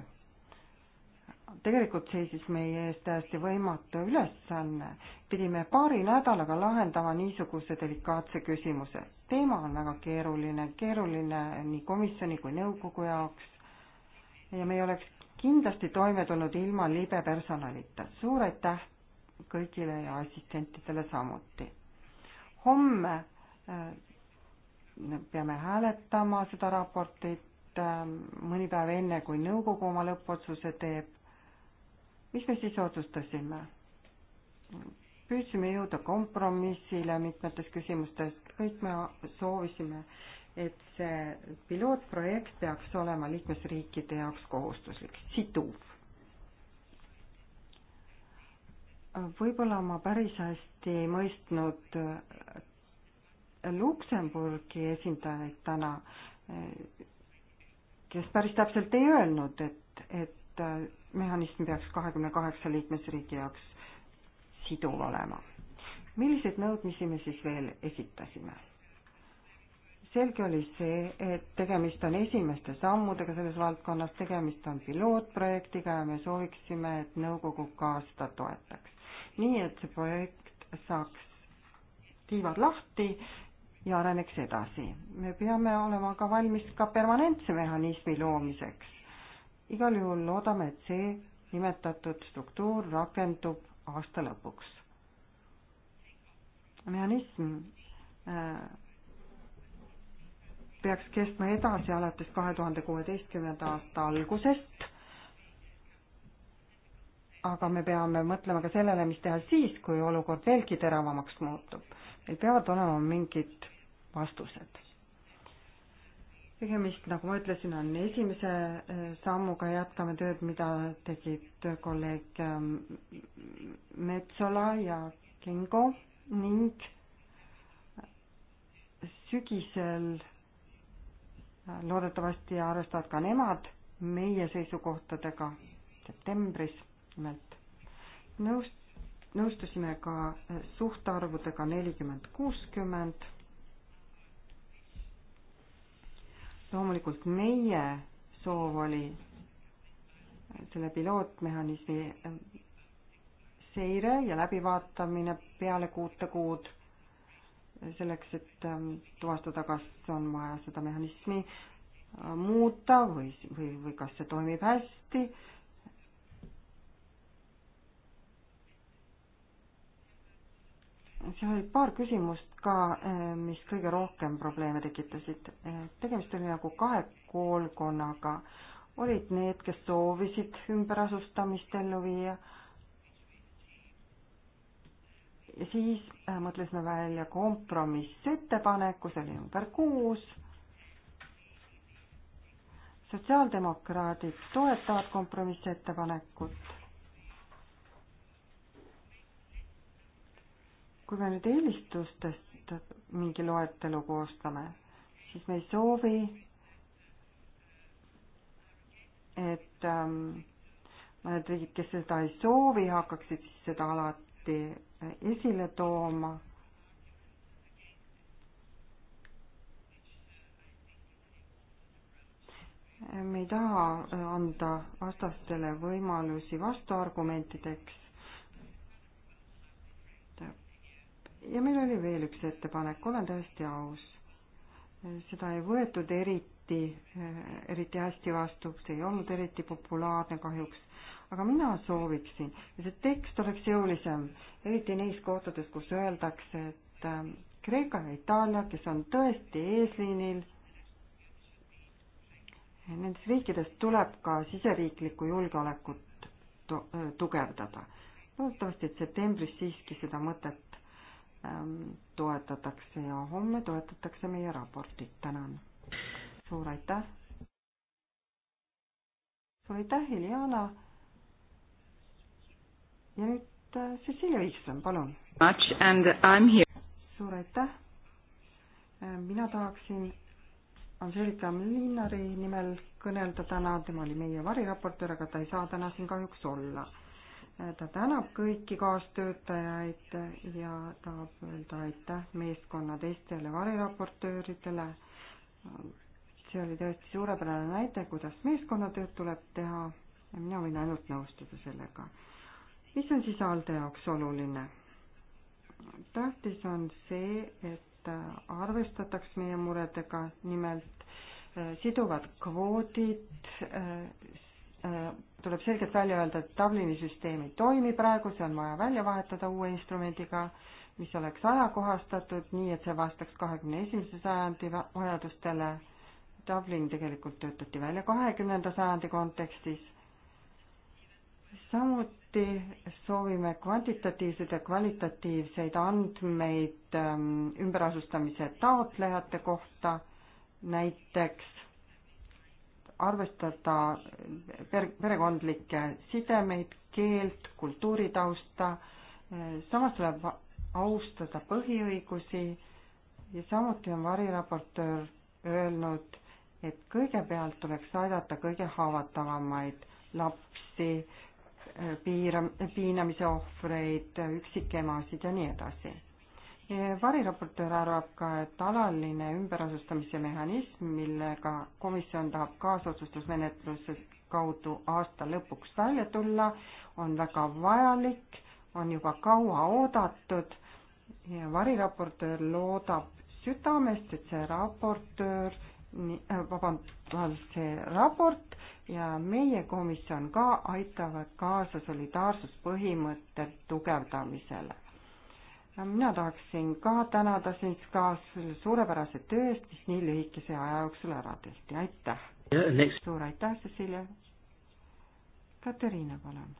tegelikult seisis meie ees täiesti võimatu ülesanne. pidime paari nädalaga lahendama niisuguse delikaatse küsimuse. teema on väga keeruline, keeruline nii komisjoni kui nõukogu jaoks ja me ei oleks kindlasti toime tulnud ilma libe personalita. suur aitäh kõigile ja assistentidele samuti. homme äh, peame hääletama seda raportit äh, mõni päev enne, kui nõukogu oma lõppotsuse teeb mis me siis otsustasime? püüdsime jõuda kompromissile mitmetes küsimustes, kõik me soovisime, et see pilootprojekt peaks olema liikmesriikide jaoks kohustuslik, siduv. võib-olla ma päris hästi ei mõistnud Luksemburgi esindajaid täna, kes päris täpselt ei öelnud, et, et mehhanism peaks kahekümne kaheksa liikmesriigi jaoks siduv olema. milliseid nõudmisi me siis veel esitasime? selge oli see, et tegemist on esimeste sammudega selles valdkonnas, tegemist on pilootprojektiga ja me sooviksime, et nõukogu ka seda toetaks. nii et see projekt saaks tiivad lahti ja areneks edasi. me peame olema ka valmis ka permanentse mehhanismi loomiseks igal juhul loodame, et see nimetatud struktuur rakendub aasta lõpuks. mehhanism äh, peaks kestma edasi alates kahe tuhande kuueteistkümnenda aasta algusest. aga me peame mõtlema ka sellele, mis teha siis, kui olukord veelgi teravamaks muutub. meil peavad olema mingid vastused tegemist, nagu ma ütlesin, on esimese eh, sammuga, jätkame tööd, mida tegid kolleeg ehm, Metsola ja Kingo ning sügisel eh, loodetavasti arvestavad ka nemad meie seisukohtadega septembris nimelt. nõust-, nõustusime ka eh, suhtarvudega nelikümmend, kuuskümmend loomulikult meie soov oli selle pilootmehhanismi seire ja läbivaatamine peale kuute kuud, selleks et ähm, tuvastada, kas on vaja seda mehhanismi äh, muuta või, või, või kas see toimib hästi, seal oli paar küsimust ka, eh, mis kõige rohkem probleeme tekitasid. Eh, tegemist oli nagu kahe koolkonnaga. olid need, kes soovisid ümberasustamist ellu viia. ja siis eh, mõtlesime välja kompromissettepaneku, see oli number kuus. sotsiaaldemokraadid toetavad kompromissettepanekut kui me nüüd eelistustest mingi loetelu koostame, siis me ei soovi, et ähm, mõned riigid, kes seda ei soovi, hakkaksid siis seda alati äh, esile tooma me ei taha äh, anda vastastele võimalusi vastuargumentideks. ja meil oli veel üks ettepanek, olen täiesti aus. seda ei võetud eriti, eh, eriti hästi vastu, see ei olnud eriti populaarne kahjuks, aga mina sooviksin, et see tekst oleks jõulisem, eriti neis kohtades, kus öeldakse, et eh, Kreeka ja Itaalia, kes on tõesti eesliinil, nendest riikidest tuleb ka siseriiklikku julgeolekut tugevdada. loodetavasti, et septembris siiski seda mõtet Ähm, toetatakse ja homme toetatakse meie raportit, tänan. suur aitäh. suur aitäh, Iljana. ja nüüd äh, Cecilia Viikson, palun. suur aitäh. Äh, mina tahaksin Angelika Mlinari nimel kõnelda täna, tema oli meie variraportöör, aga ta ei saa täna siin kahjuks olla ta tänab kõiki kaastöötajaid ja tahab öelda aitäh meeskonna teistele variraportööridele. see oli tõesti suurepärane näide, kuidas meeskonnatööd tuleb teha ja mina võin ainult nõustuda sellega. mis on siis ALDE jaoks oluline? tähtis on see, et arvestataks meie muredega, nimelt eh, siduvad kvoodid eh, eh, tuleb selgelt välja öelda, et Dublini süsteem ei toimi praegu, see on vaja välja vahetada uue instrumendiga, mis oleks ajakohastatud, nii et see vastaks kahekümne esimese sajandi vajadustele. Dublin tegelikult töötati välja kahekümnenda sajandi kontekstis. samuti soovime kvantitatiivseid ja kvalitatiivseid andmeid ähm, ümberasustamise taotlejate kohta, näiteks arvestada per-, perekondlikke sidemeid, keelt, kultuuritausta, samas tuleb austada põhiõigusi ja samuti on variraportöör öelnud, et kõigepealt tuleks aidata kõige haavatavamaid lapsi, piira-, piinamise ohvreid, üksikemasid ja nii edasi variraportöör arvab ka, et alaline ümberasustamise mehhanism, millega komisjon tahab kaasotsustusmenetluse kaudu aasta lõpuks välja tulla, on väga vajalik, on juba kaua oodatud. variraportöör loodab südamest, et see raportöör, äh, vabandust, see raport ja meie komisjon ka aitavad kaasa solidaarsuspõhimõtte tugevdamisele mina tahaksin ka tänada sind ka selle suurepärase töö eest, mis nii lühikese aja jooksul ära tehti, aitäh! suur aitäh,
Cecilia! Katariina, palun!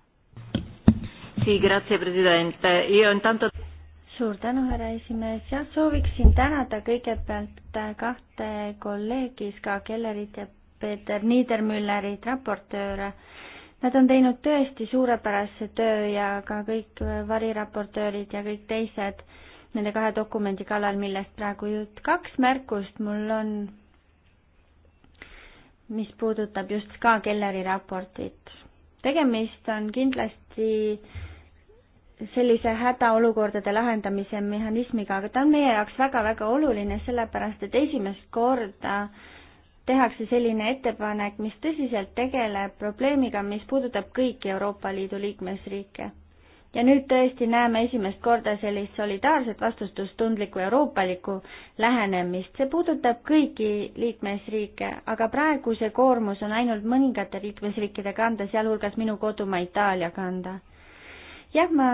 suur tänu, härra esimees, jah, sooviksin tänada kõigepealt kahte kolleegi, Ska Kellerit ja Peeter Niedermüllerit, raportööre Nad on teinud tõesti suurepärase töö ja ka kõik variraportöörid ja kõik teised nende kahe dokumendi kallal, millest praegu jutt. kaks märkust mul on, mis puudutab just ka Kelleri raportit. tegemist on kindlasti sellise hädaolukordade lahendamise mehhanismiga, aga ta on meie jaoks väga-väga oluline, sellepärast et esimest korda äh, tehakse selline ettepanek, mis tõsiselt tegeleb probleemiga, mis puudutab kõiki Euroopa Liidu liikmesriike. ja nüüd tõesti näeme esimest korda sellist solidaarset vastutustundlikku euroopalikku lähenemist, see puudutab kõiki liikmesriike, aga praegu see koormus on ainult mõningate liikmesriikide kanda, sealhulgas minu kodumaa Itaalia kanda. jah, ma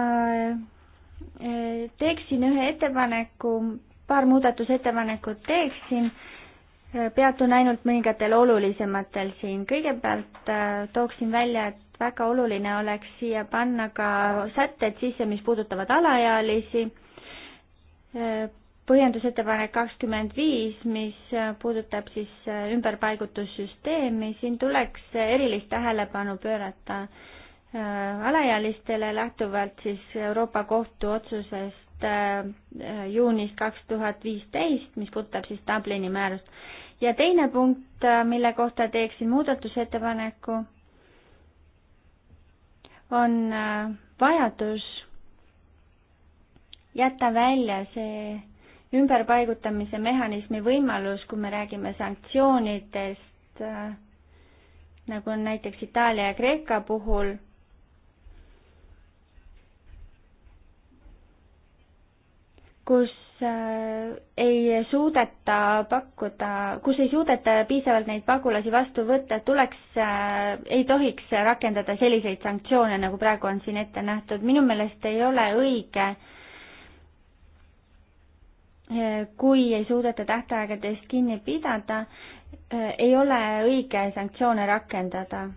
eh, teeksin ühe ettepaneku, paar muudatusettepanekut teeksin peatun ainult mõningatel olulisematel siin. kõigepealt äh, tooksin välja, et väga oluline oleks siia panna ka sätted sisse, mis puudutavad alaealisi. Äh, põhjendusettepanek kakskümmend viis, mis äh, puudutab siis ümberpaigutussüsteemi, siin tuleks erilist tähelepanu pöörata alaealistele lähtuvalt siis Euroopa Kohtu otsusest Äh, juunist kaks tuhat viisteist, mis puudutab siis Dublini määrust. ja teine punkt, äh, mille kohta teeksin muudatusettepaneku, on äh, vajadus jätta välja see ümberpaigutamise mehhanismi võimalus, kui me räägime sanktsioonidest, nagu on näiteks Itaalia ja Kreeka puhul kus äh, ei suudeta pakkuda, kus ei suudeta piisavalt neid pagulasi vastu võtta, tuleks, äh, ei tohiks rakendada selliseid sanktsioone, nagu praegu on siin ette nähtud, minu meelest ei ole õige äh, kui ei suudeta tähtaegadest kinni pidada, ei ole õige sanktsioone rakendada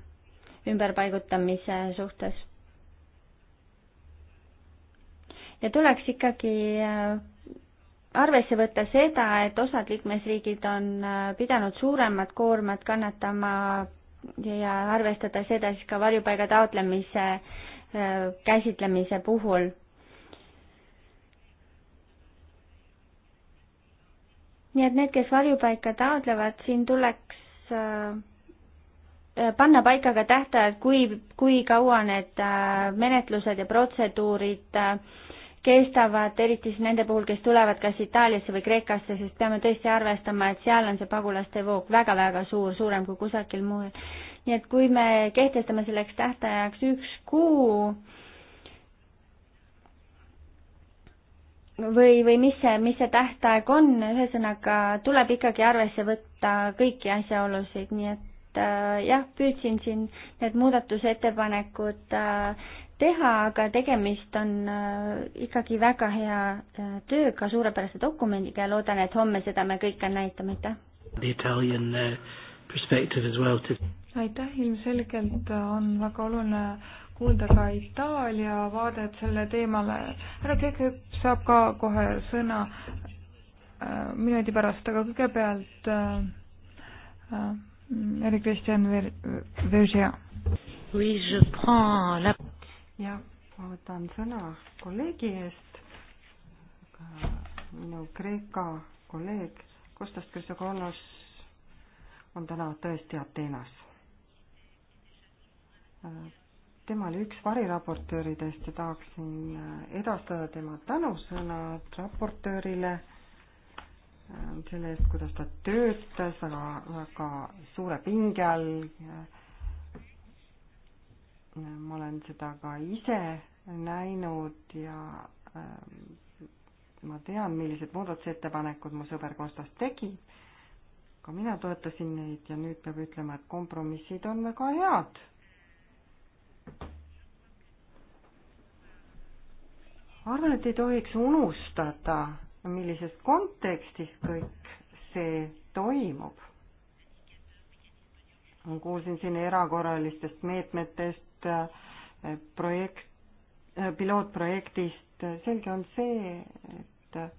ümberpaigutamise suhtes. ja tuleks ikkagi äh, arvesse võtta seda, et osad liikmesriigid on äh, pidanud suuremat koormat kannatama ja arvestada seda siis ka varjupaiga taotlemise äh, käsitlemise puhul. nii et need, kes varjupaika taotlevad, siin tuleks panna paika ka tähtajad, kui, kui kaua need menetlused ja protseduurid äh, kestavad, eriti siis nende puhul, kes tulevad kas Itaaliasse või Kreekasse, sest peame tõesti arvestama, et seal on see pagulaste voog väga-väga suur, suurem kui kusagil mujal. nii et kui me kehtestame selleks tähtajaks üks kuu või, või mis see, mis see tähtaeg on, ühesõnaga tuleb ikkagi arvesse võtta kõiki asjaolusid, nii et äh, jah, püüdsin siin need muudatusettepanekud äh, teha, aga tegemist on äh, ikkagi väga hea äh, tööga, suurepärase dokumendiga ja loodan, et homme seda me kõike näitame,
aitäh! Äh,
aitäh,
ilmselgelt on väga oluline kuulda ka Itaalia vaadet selle teemale. härra Kekep saab ka kohe sõna äh, minuti pärast, aga kõigepealt äh, äh, Eri-Kristjan Ver-, Veržia
ja ma võtan sõna kolleegi eest, minu Kreeka kolleeg Kostas Krisokonos on täna tõesti Ateenas. Äh, tema oli üks variraportööridest ja tahaksin äh, edastada tema tänusõnad raportöörile äh, selle eest, kuidas ta töötas väga, väga suure pinge all ma olen seda ka ise näinud ja ähm, ma tean, millised muudatusettepanekud mu sõber Kostas tegi. ka mina toetasin neid ja nüüd peab ütlema, et kompromissid on väga head. arvan, et ei tohiks unustada, millises kontekstis kõik see toimub. ma kuulsin siin erakorralistest meetmetest, projekt, pilootprojektist, selge on see, et äh,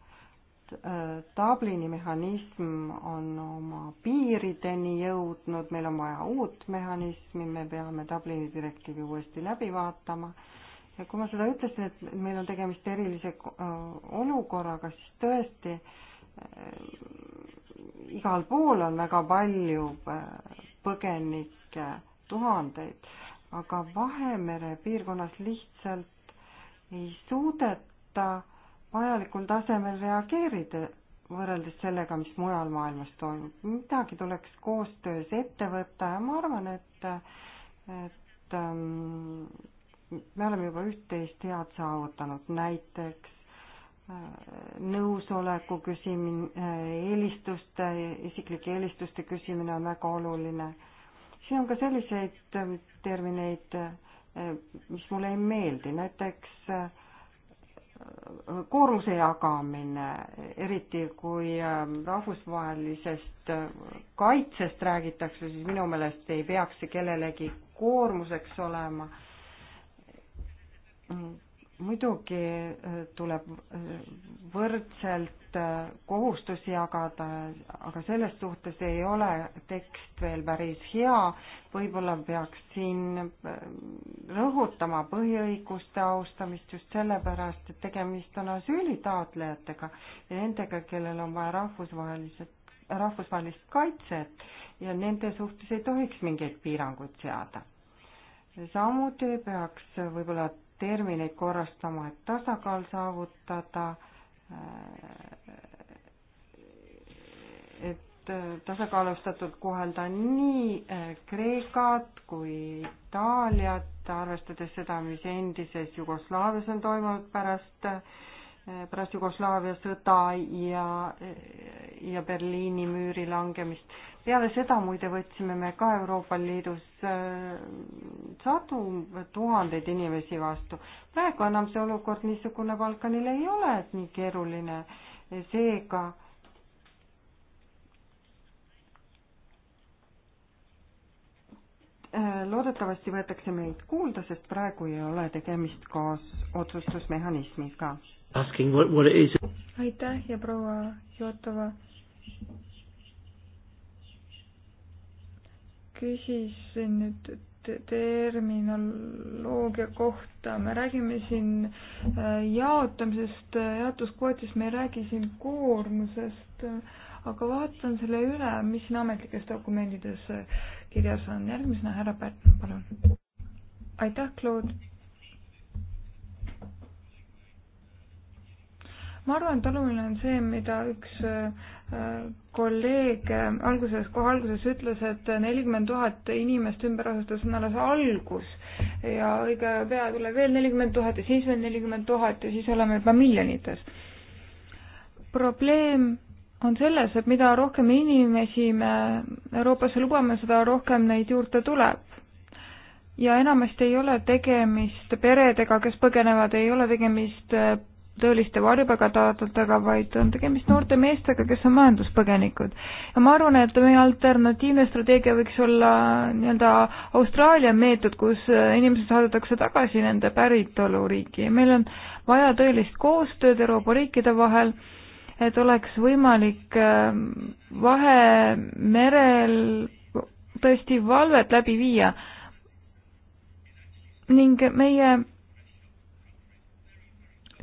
Dublini mehhanism on oma piirideni jõudnud, meil on vaja uut mehhanismi, me peame Dublini direktiivi uuesti läbi vaatama ja kui ma seda ütlesin, et meil on tegemist erilise äh, olukorraga, siis tõesti äh, igal pool on väga palju põgenikke, tuhandeid aga Vahemere piirkonnas lihtsalt ei suudeta vajalikul tasemel reageerida võrreldes sellega, mis mujal maailmas toimub. midagi tuleks koostöös ette võtta ja ma arvan, et, et ähm, me oleme juba üht-teist head saavutanud, näiteks äh, nõusoleku küsimine, äh, eelistuste, isiklike eelistuste küsimine on väga oluline. siin on ka selliseid äh, termineid, eh, mis mulle ei meeldi, näiteks eh, koormuse jagamine, eriti kui eh, rahvusvahelisest kaitsest räägitakse, siis minu meelest ei peaks see kellelegi koormuseks olema muidugi äh, tuleb äh, võrdselt äh, kohustusi jagada, aga selles suhtes ei ole tekst veel päris hea. võib-olla peaks siin rõhutama põhiõiguste austamist just sellepärast, et tegemist on asüülitaotlejatega ja nendega, kellel on vaja rahvusvaheliselt, rahvusvahelist kaitset ja nende suhtes ei tohiks mingeid piiranguid seada samuti peaks võib-olla termineid korrastama, et tasakaal saavutada, et tasakaalustatult kohelda nii eh, Kreekat kui Itaaliat, arvestades seda, mis endises Jugoslaavias on toimunud pärast, eh, pärast Jugoslaavia sõda ja, eh, ja Berliini müüri langemist peale seda muide võtsime me ka Euroopa Liidus äh, sadu tuhandeid inimesi vastu. praegu enam see olukord niisugune Balkanil ei ole nii keeruline, seega äh, loodetavasti võetakse meid kuulda, sest praegu ei ole tegemist kaasotsustusmehhanismiga.
aitäh ja proua Jotova küsisin nüüd terminoloogia kohta, me räägime siin äh, jaotamisest, äh, jaotuskvootist, me ei räägi siin koormusest, aga vaatan selle üle, mis siin ametlikes dokumentides äh, kirjas on. järgmisena härra Pärn, palun. aitäh, Claude. ma arvan, et oluline on see, mida üks kolleeg äh, alguses, kohe alguses ütles, et nelikümmend tuhat inimest ümberasustus on alles algus ja õige pea tuleb veel nelikümmend tuhat ja siis veel nelikümmend tuhat ja siis oleme juba miljonites. probleem on selles, et mida rohkem inimesi me Euroopasse lubame, seda rohkem neid juurde tuleb. ja enamasti ei ole tegemist peredega, kes põgenevad, ei ole tegemist äh, tööliste varjupaigatadadega, vaid on tegemist noorte meestega, kes on majanduspõgenikud. ja ma arvan, et meie alternatiivne strateegia võiks olla nii-öelda Austraalia meetod, kus inimesed saadetakse tagasi nende päritoluriiki ja meil on vaja tõelist koostööd Euroopa riikide vahel, et oleks võimalik äh, Vahemerel tõesti valvet läbi viia ning meie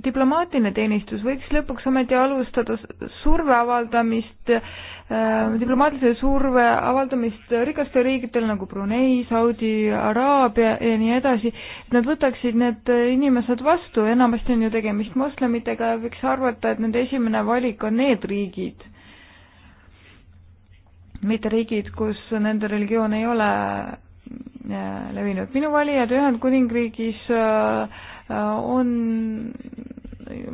diplomaatiline teenistus võiks lõpuks ometi alustada surve avaldamist äh,, diplomaatilise surve avaldamist rikastel riikidel nagu Brunei, Saudi Araabia ja nii edasi, et nad võtaksid need inimesed vastu, enamasti on ju tegemist moslemitega ja võiks arvata, et nende esimene valik on need riigid, mitte riigid, kus nende religioon ei ole äh, levinud. minu valijad Ühendkuningriigis äh, Äh, on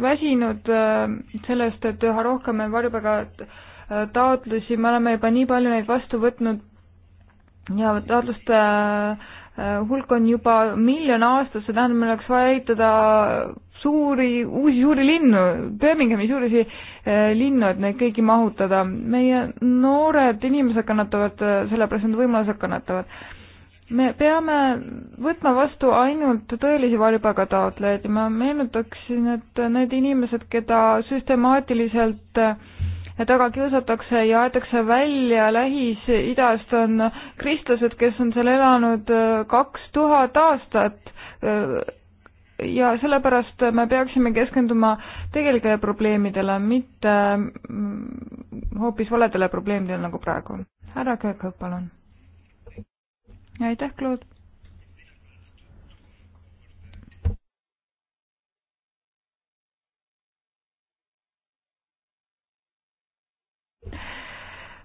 väsinud äh, sellest, et üha rohkem on varjupaiga äh, taotlusi, me oleme juba nii palju neid vastu võtnud ja taotluste hulk on juba miljon aastas, see tähendab, meil oleks vaja ehitada suuri, uusi suuri linnu, Birminghami suurusi linnu, et neid kõiki mahutada. meie noored inimesed kannatavad selle pärast, nende võimalused kannatavad me peame võtma vastu ainult tõelisi varjupaiga taotlejaid ja ma meenutaksin, et need inimesed, keda süstemaatiliselt taga kiusatakse ja aetakse välja Lähis-Idast, on kristlased, kes on seal elanud kaks tuhat aastat ja sellepärast me peaksime keskenduma tegelikele probleemidele, mitte hoopis valedele probleemidele, nagu praegu. härra Kööp, palun aitäh, Claude.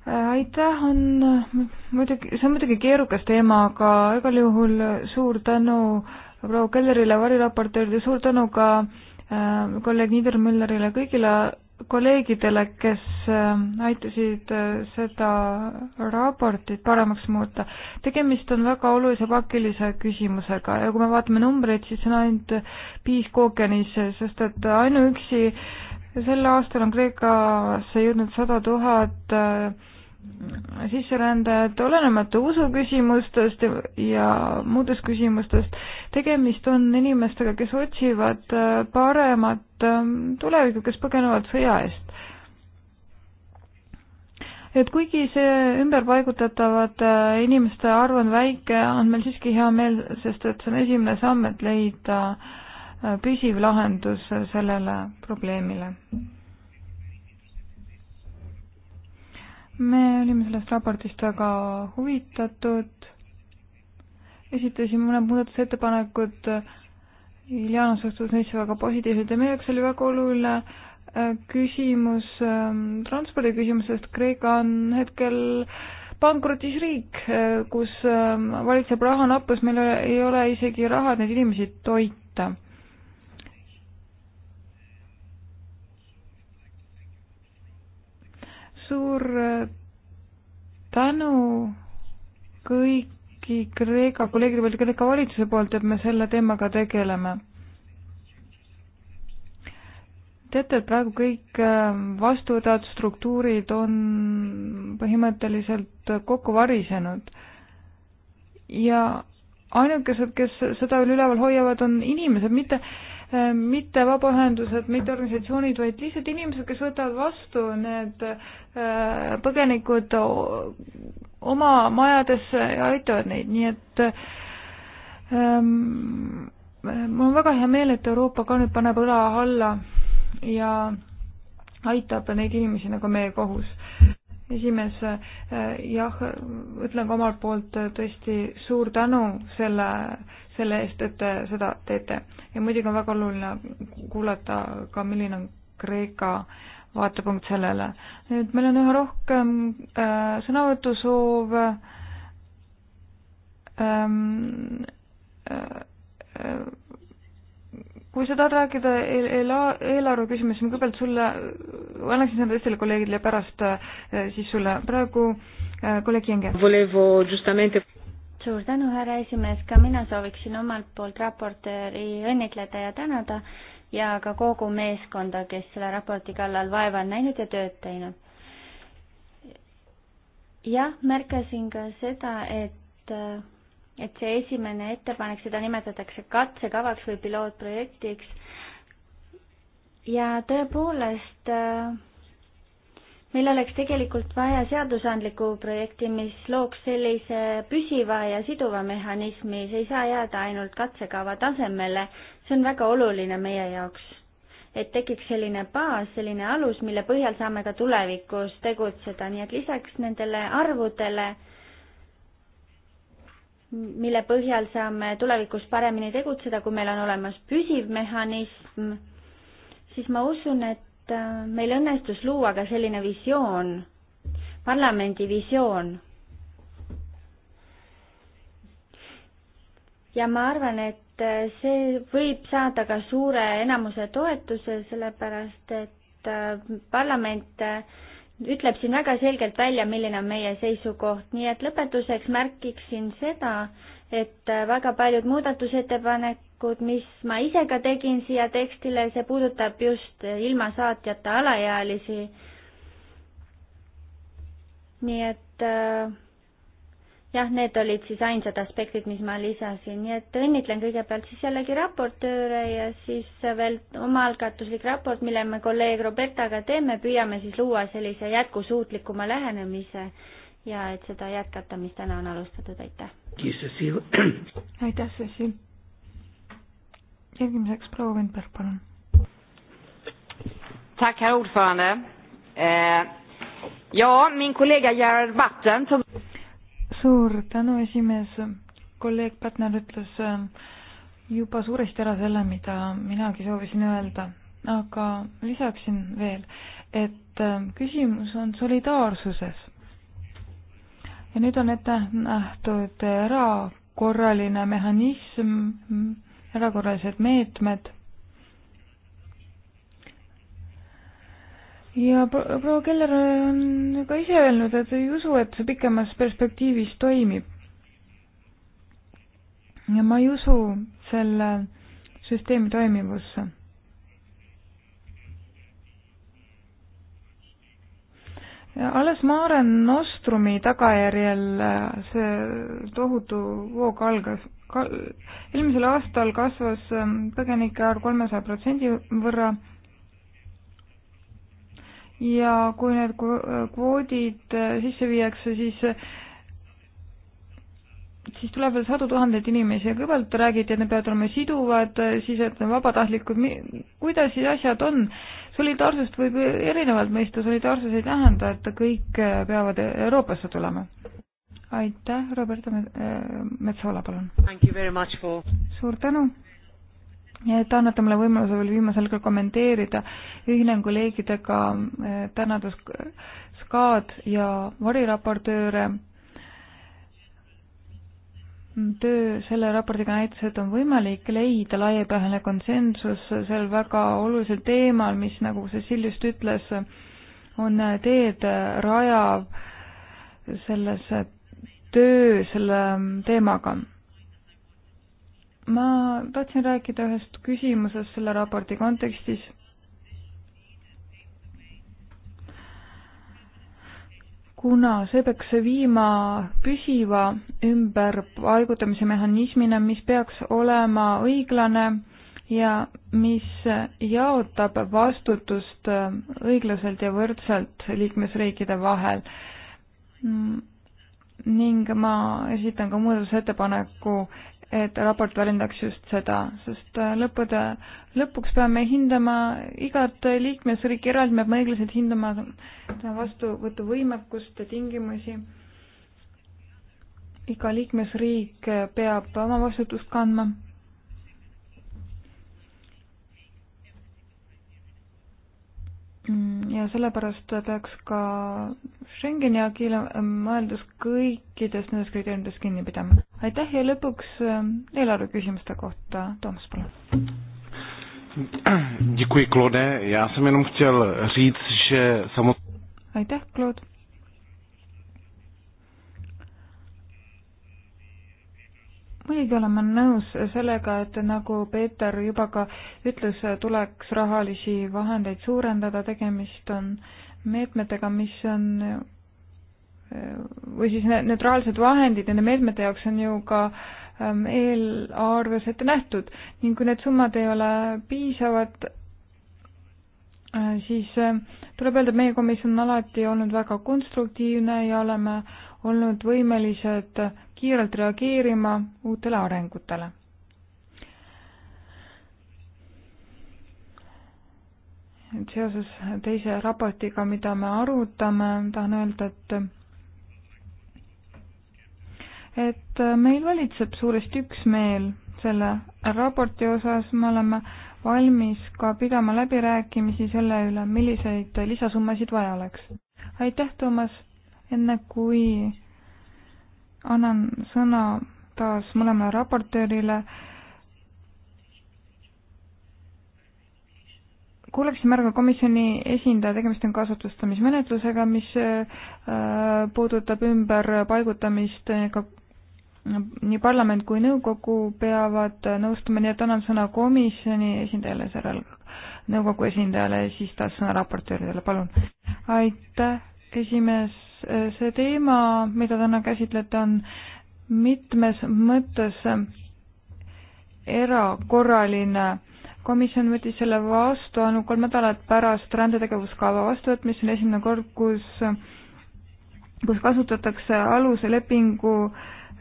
aitäh, on muidugi, see on muidugi keerukas teema, aga igal juhul suur tänu proua Kellerile, variraportöörile, suur tänu ka äh, kolleeg Niedermüllerile, kõigile kolleegidele, kes ähm, aitasid äh, seda raportit paremaks muuta. tegemist on väga olulise pakilise küsimusega ja kui me vaatame numbreid, siis on ainult piis kookenis, sest et ainuüksi sel aastal on Kreekasse jõudnud sada tuhat 000 äh, sisserändajad, olenemata usuküsimustest ja muudest küsimustest, tegemist on inimestega, kes otsivad äh, paremat ähm, tulevikku, kes põgenevad sõja eest. et kuigi see ümberpaigutatavate äh, inimeste arv on väike, on meil siiski hea meel, sest et see on esimene samm, et leida äh, püsiv lahendus sellele probleemile me olime sellest raportist väga huvitatud, esitasime mõned muudatusettepanekud, Iljana suhtus neisse väga positiivselt ja meie jaoks oli väga oluline äh, küsimus ähm, transpordi küsimusest, Kreeka on hetkel pankrotis riik, äh, kus ähm, valitseb rahanappus, meil ei ole isegi raha, et neid inimesi toita suur äh, tänu kõiki Kreeka kolleegide poolt ja Kreeka valitsuse poolt, et me selle teemaga tegeleme. teate, et praegu kõik äh, vastuvõtvad struktuurid on põhimõtteliselt kokku varisenud ja ainukesed, kes seda veel üleval hoiavad, on inimesed, mitte äh, mitte vabaühendused, mitte organisatsioonid, vaid lihtsalt inimesed, kes võtavad vastu need äh, põgenikud oma majadesse ja aitavad neid, nii et ähm, mul on väga hea meel, et Euroopa ka nüüd paneb õla alla ja aitab neid inimesi nagu meie kohus. esimees, äh, jah, ütlen ka omalt poolt äh, tõesti suur tänu selle selle eest, et te seda teete. ja muidugi on väga oluline kuulata ka, milline on Kreeka vaatepunkt sellele. nüüd meil on üha rohkem äh, sõnavõtusoov ähm,. Äh, kui sa tahad rääkida eelarve küsimusest, ma kõigepealt sulle, annaksin sõna teistele kolleegidele ja pärast äh, siis sulle. praegu äh, kolleeg Jänge
suur tänu, härra esimees, ka mina sooviksin omalt poolt raportööri õnnitleda ja tänada ja ka kogu meeskonda, kes selle raporti kallal vaeva on näinud ja tööd teinud. jah, märkasin ka seda, et, et see esimene ettepanek, seda nimetatakse katsekavaks või pilootprojektiks ja tõepoolest äh, meil oleks tegelikult vaja seadusandlikku projekti, mis looks sellise püsiva ja siduva mehhanismi, see ei saa jääda ainult katsekava tasemele, see on väga oluline meie jaoks. et tekiks selline baas, selline alus, mille põhjal saame ka tulevikus tegutseda, nii et lisaks nendele arvudele, mille põhjal saame tulevikus paremini tegutseda, kui meil on olemas püsiv mehhanism, siis ma usun, et et äh, meil õnnestus luua ka selline visioon, parlamendi visioon. ja ma arvan, et äh, see võib saada ka suure enamuse toetuse, sellepärast et äh, parlament ütleb siin väga selgelt välja, milline on meie seisukoht, nii et lõpetuseks märkiksin seda, et väga paljud muudatusettepanek, ettepanekut, mis ma ise ka tegin siia tekstile, see puudutab just ilma saatjata alaealisi. nii et äh, jah, need olid siis ainsad aspektid, mis ma lisasin, nii et õnnitlen kõigepealt siis jällegi raportööre ja siis veel omaalgatuslik raport, mille me kolleeg Robertaga teeme, püüame siis luua sellise jätkusuutlikuma lähenemise ja et seda jätkata, mis täna on alustatud, aitäh. aitäh, Cecil. [clears throat]
järgmiseks proua Vindberg, palun.
Tack herr ordförande. Eh, ja,
min kollega Gerard Batten tog... Suur tänu esimees. Kolleeg Pätner ütles eh, juba suuresti ära selle, mida minagi soovisin öelda, aga lisaksin veel, et eh, küsimus on solidaarsuses. ja nüüd on ette nähtud erakorraline mehhanism, erakorralised meetmed ja proua Keller on ka ise öelnud, et ei usu, et see pikemas perspektiivis toimib. ja ma ei usu selle süsteemi toimivusse. alles Mare Nostrumi tagajärjel äh, see tohutu voog algas. eelmisel aastal kasvas ähm, põgenike arv kolmesaja protsendi võrra ja kui need äh, kvoodid äh, sisse viiakse, siis siis tuleb veel sadu tuhandeid inimesi ja kõigepealt räägiti, et need peavad olema siduvad, siis et vabatahtlikud, kuidas siis asjad on? solidaarsust võib erinevalt mõista, solidaarsus ei tähenda, et kõik äh, peavad Euroopasse tulema. aitäh, Roberta äh, Metsola, palun. For... suur tänu ja et annate mulle võimaluse veel viimasel ka kommenteerida, ühinen kolleegidega äh, tänades SKA-d ja variraportööre töö selle raportiga näitas, et on võimalik leida laiapõhjaline konsensus sel väga olulisel teemal, mis, nagu Cecil just ütles, on teed rajav selles töö selle teemaga. ma tahtsin rääkida ühest küsimusest selle raporti kontekstis kuna see peaks viima püsiva ümberpaigutamise mehhanismina, mis peaks olema õiglane ja mis jaotab vastutust õiglaselt ja võrdselt liikmesriikide vahel. Mm, ning ma esitan ka muudatusettepaneku et raport väljendaks just seda, sest äh, lõppude, lõpuks peame hindama igat liikmesriiki eraldi, me peame õiglaselt hindama vastuvõtuvõimekust ja tingimusi. iga liikmesriik peab oma vastutust kandma Mm, ja sellepärast peaks ka Schengeni agile mõeldes kõikidest nendest kriteeriumidest kinni pidama. aitäh ja lõpuks äh, eelarve küsimuste kohta, Toomas, palun.
Děkuji, Claude. Já jsem jenom chtěl říct, že samozřejmě...
Aitäh, Claude. muidugi oleme nõus sellega, et nagu Peeter juba ka ütles, tuleks rahalisi vahendeid suurendada, tegemist on meetmetega, mis on või siis need neutraalsed vahendid nende meetmete jaoks on ju ka ähm, eelarves ette nähtud ning kui need summad ei ole piisavad, äh, siis äh, tuleb öelda, et meie komisjon on alati olnud väga konstruktiivne ja oleme äh, olnud võimelised kiirelt reageerima uutele arengutele. et seoses teise raportiga, mida me arutame, tahan öelda, et et meil valitseb suuresti üksmeel selle raporti osas, me oleme valmis ka pidama läbirääkimisi selle üle, milliseid lisasummasid vaja oleks. aitäh, Toomas! enne kui annan sõna taas mõlemale raportöörile, kuulaksime ära ka komisjoni esindaja, tegemist on kasutustamismenetlusega, mis äh, puudutab ümberpaigutamist, eh, ka nii parlament kui nõukogu peavad nõustuma, nii et annan sõna komisjoni esindajale, seejärel nõukogu esindajale, siis taas sõna raportööridele, palun. aitäh, esimees see teema, mida täna käsitlete, on mitmes mõttes erakorraline. komisjon võttis selle vastu ainult kolm nädalat pärast rändetegevuskava vastuvõtmist, see on esimene kord, kus, kus kasutatakse aluselepingu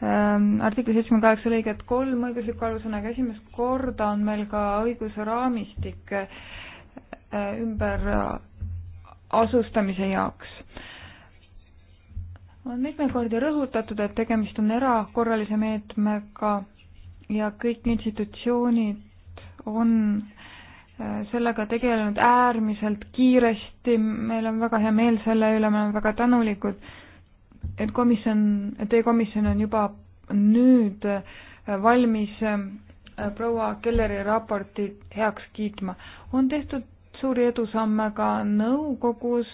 ähm, artikli seitsekümmend kaheksa lõiget kolm õigusliku alusena, aga esimest korda on meil ka õigusraamistik äh, ümber asustamise jaoks on mitmeid kordi rõhutatud, et tegemist on erakorralise meetmega ja kõik institutsioonid on äh, sellega tegelenud äärmiselt kiiresti, meil on väga hea meel selle üle, me oleme väga tänulikud, et komisjon, teie komisjon on juba nüüd äh, valmis äh, proua Kelleri raportit heaks kiitma. on tehtud suuri edusamme ka nõukogus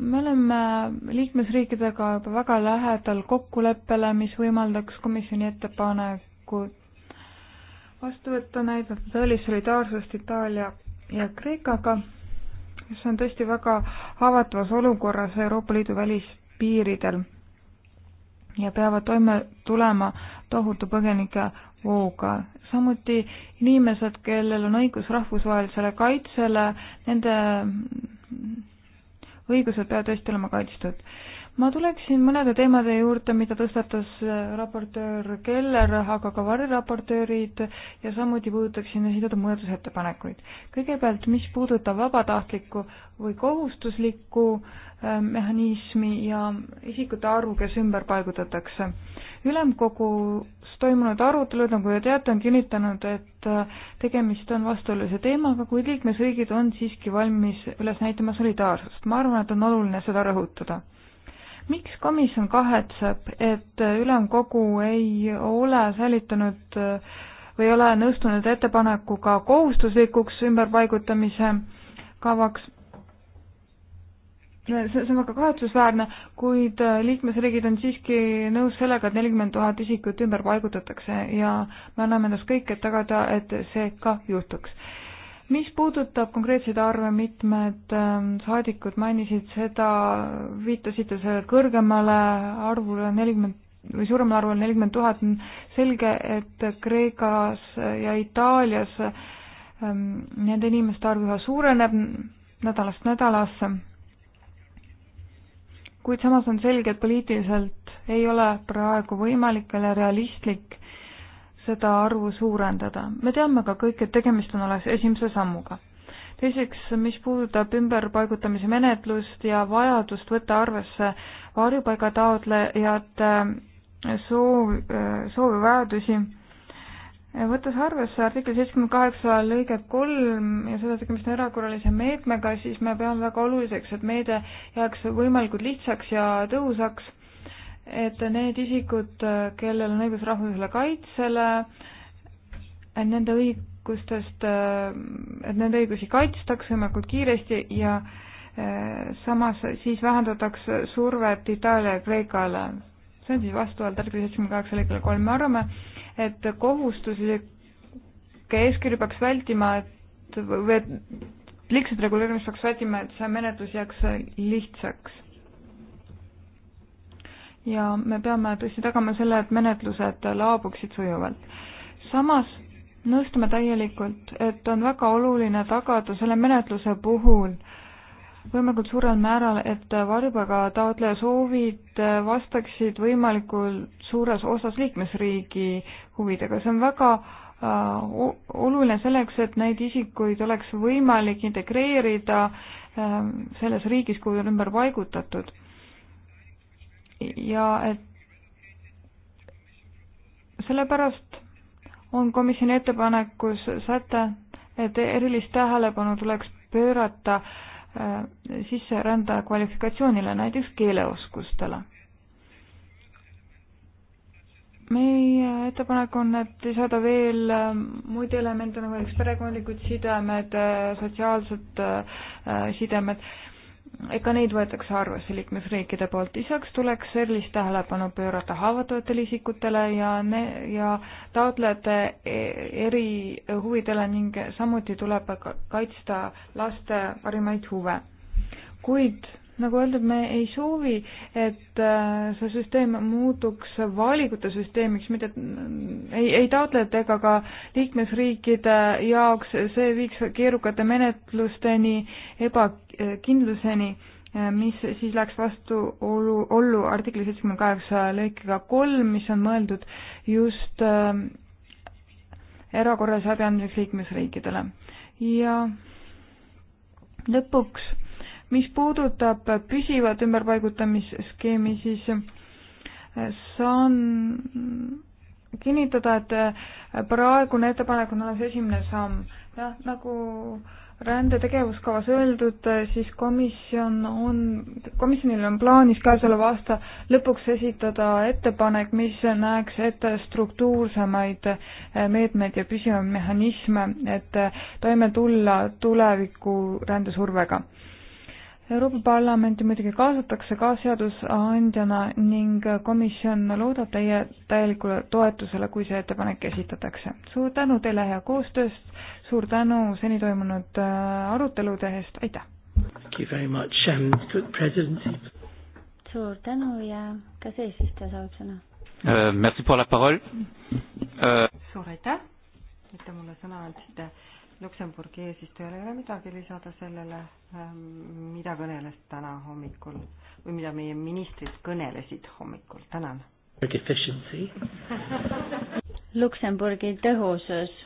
me oleme liikmesriikidega juba väga lähedal kokkuleppele, mis võimaldaks komisjoni ettepanekut vastu võtta, näidata tõelist solidaarsust Itaalia ja Kreekaga, kes on tõesti väga haavatavas olukorras Euroopa Liidu välispiiridel ja peavad toime tulema tohutu põgenike vooga. samuti inimesed, kellel on õigus rahvusvahelisele kaitsele, nende õigused peavad tõesti olema kaitstud ma tuleksin mõnede teemade juurde, mida tõstatas äh, raportöör Keller, aga ka variraportöörid ja samuti puudutaksin esitatud muudatusettepanekuid. kõigepealt, mis puudutab vabatahtlikku või kohustuslikku äh, mehhanismi ja isikute arvu, kes ümber paigutatakse. ülemkogus toimunud arutelud, nagu te teate, on kinnitanud, et äh, tegemist on vastuolulise teemaga, kuid liikmesriigid on siiski valmis üles näitama solidaarsust. ma arvan, et on oluline seda rõhutada miks komisjon kahetseb, et ülemkogu ei ole säilitanud või ei ole nõustunud ettepanekuga kohustuslikuks ümberpaigutamise kavaks? see, see on väga kahetsusväärne, kuid liikmesriigid on siiski nõus sellega, et nelikümmend tuhat isikut ümber paigutatakse ja me anname endast kõik, et tagada, et see ka juhtuks mis puudutab konkreetseid arve, mitmed ähm, saadikud mainisid seda, viitasite sellele kõrgemale arvule nelikümmend või suuremal arvul nelikümmend tuhat, on selge, et Kreekas ja Itaalias ähm, nende inimeste arv üha suureneb nädalast nädalasse. kuid samas on selge, et poliitiliselt ei ole praegu võimalik ega realistlik seda arvu suurendada. me teame ka kõik, et tegemist on alles esimese sammuga. teiseks, mis puudutab ümberpaigutamise menetlust ja vajadust võtta arvesse varjupaigataotlejate äh, soov, äh, soovi vajadusi, äh, võttes arvesse artikli seitsekümmend kaheksa lõiget kolm ja seda tegemist erakorralise meetmega, siis me peame väga oluliseks, et meede jääks võimalikult lihtsaks ja tõhusaks et need isikud, kellel on õigus rahvusvahelisele kaitsele, et nende õigustest, et nende õigusi kaitstakse võimalikult kiiresti ja eh, samas siis vähendatakse survet Itaalia ja Kreekale. see on siis vastavalt artikli seitsekümmend kaheksa lõikele kolm, me arvame, et kohustuslikke eeskirju peaks vältima, et või et liigset reguleerimist peaks vältima, et see menetlus jääks lihtsaks ja me peame tõesti tagama selle, et menetlused laabuksid sujuvalt. samas nõustume täielikult, et on väga oluline tagada selle menetluse puhul võimalikult suurel määral, et varjupaiga taotleja soovid vastaksid võimalikult suures osas liikmesriigi huvidega, see on väga äh, oluline selleks, et neid isikuid oleks võimalik integreerida äh, selles riigis, kuhu on ümber paigutatud ja et sellepärast on komisjoni ettepanekus säte, et erilist tähelepanu tuleks pöörata äh, sisserändaja kvalifikatsioonile, näiteks keeleoskustele. meie ettepanek on, et lisada veel äh, muid elemente nagu näiteks perekondlikud sidemed, äh, sotsiaalsed sidemed ega neid võetakse arvesse liikmesriikide poolt. lisaks tuleks erilist tähelepanu pöörata haavatavatele isikutele ja ne-, ja taotlejate e-, eri huvidele ning samuti tuleb kaitsta laste parimaid huve. kuid nagu öeldud, me ei soovi, et äh, see süsteem muutuks valikute süsteemiks, mitte mm, ei, ei taotlejate ega ka liikmesriikide jaoks, see viiks keerukate menetlusteni, ebakindluseni, äh, mis siis läks vastuolu, ollu artikli seitsekümmend kaheksa lõikega kolm, mis on mõeldud just äh, erakorralise abi andmiseks liikmesriikidele. ja lõpuks mis puudutab püsivat ümberpaigutamisskeemi, siis eh, saan kinnitada, et eh, praegune ettepanek on alles esimene samm. jah, nagu rände tegevuskavas öeldud, eh, siis komisjon on, komisjonil on plaanis käesoleva aasta lõpuks esitada ettepanek, mis näeks ette struktuursemaid meetmeid ja püsivaid mehhanisme, et toime tulla tuleviku rändesurvega. Euroopa Parlamenti muidugi kaasatakse ka seadusandjana ning komisjon loodab teie täielikule toetusele, kui see ettepanek esitatakse. suur tänu teile hea koostööst, suur tänu seni toimunud äh, arutelude eest, aitäh! Um,
suur tänu ja kas eesistuja soovib sõna
uh,? Merci pour la parole uh...!
suur aitäh, et te mulle sõna andsite Luksemburgi eesistujal ei ole midagi lisada sellele, ähm, mida kõneles täna hommikul või mida meie ministrid kõnelesid hommikul, tänan.
[laughs]
Luksemburgi tõhusus.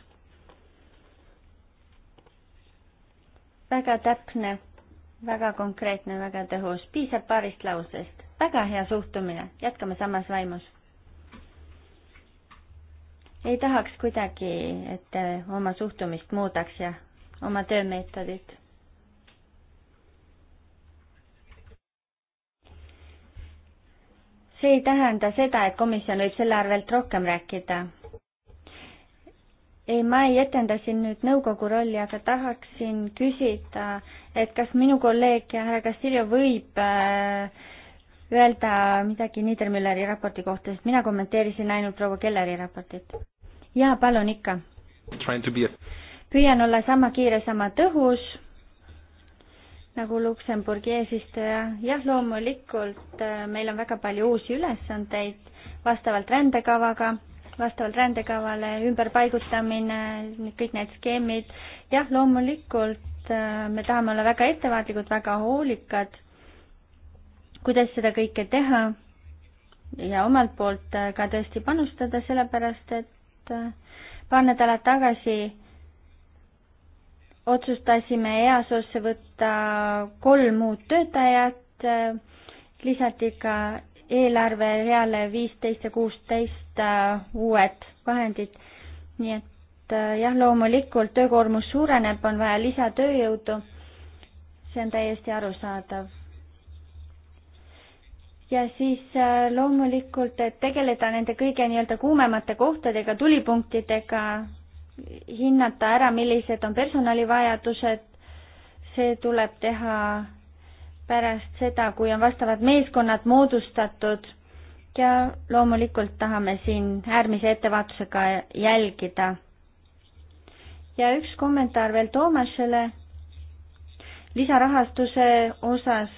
väga täpne, väga konkreetne, väga tõhus, piisab paarist lausest, väga hea suhtumine, jätkame samas vaimus ei tahaks kuidagi, et te eh, oma suhtumist muudaks ja oma töömeetodit. see ei tähenda seda, et komisjon võib selle arvelt rohkem rääkida. ei, ma ei etenda siin nüüd nõukogu rolli, aga tahaksin küsida, et kas minu kolleeg härra Kassiljo võib äh, öelda midagi Niedermülleri raporti kohta, sest mina kommenteerisin ainult proua Kelleri raportit jaa, palun ikka. püüan olla sama kiire, sama tõhus nagu Luksemburgi eesistuja. jah, loomulikult äh, meil on väga palju uusi ülesandeid vastavalt rändekavaga, vastavalt rändekavale ümberpaigutamine, kõik need skeemid. jah, loomulikult äh, me tahame olla väga ettevaatlikud, väga hoolikad, kuidas seda kõike teha ja omalt poolt äh, ka tõesti panustada, sellepärast et et äh, panna talle tagasi otsustasime EASO-sse võtta kolm uut töötajat, äh, lisati ka eelarvereale viisteist ja kuusteist äh, uued vahendid. nii et jah, loomulikult töökoormus suureneb, on vaja lisatööjõudu. see on täiesti arusaadav ja siis äh, loomulikult, et tegeleda nende kõige nii-öelda kuumemate kohtadega, tulipunktidega, hinnata ära, millised on personalivajadused, see tuleb teha pärast seda, kui on vastavad meeskonnad moodustatud ja loomulikult tahame siin äärmise ettevaatusega jälgida. ja üks kommentaar veel Toomasele lisarahastuse osas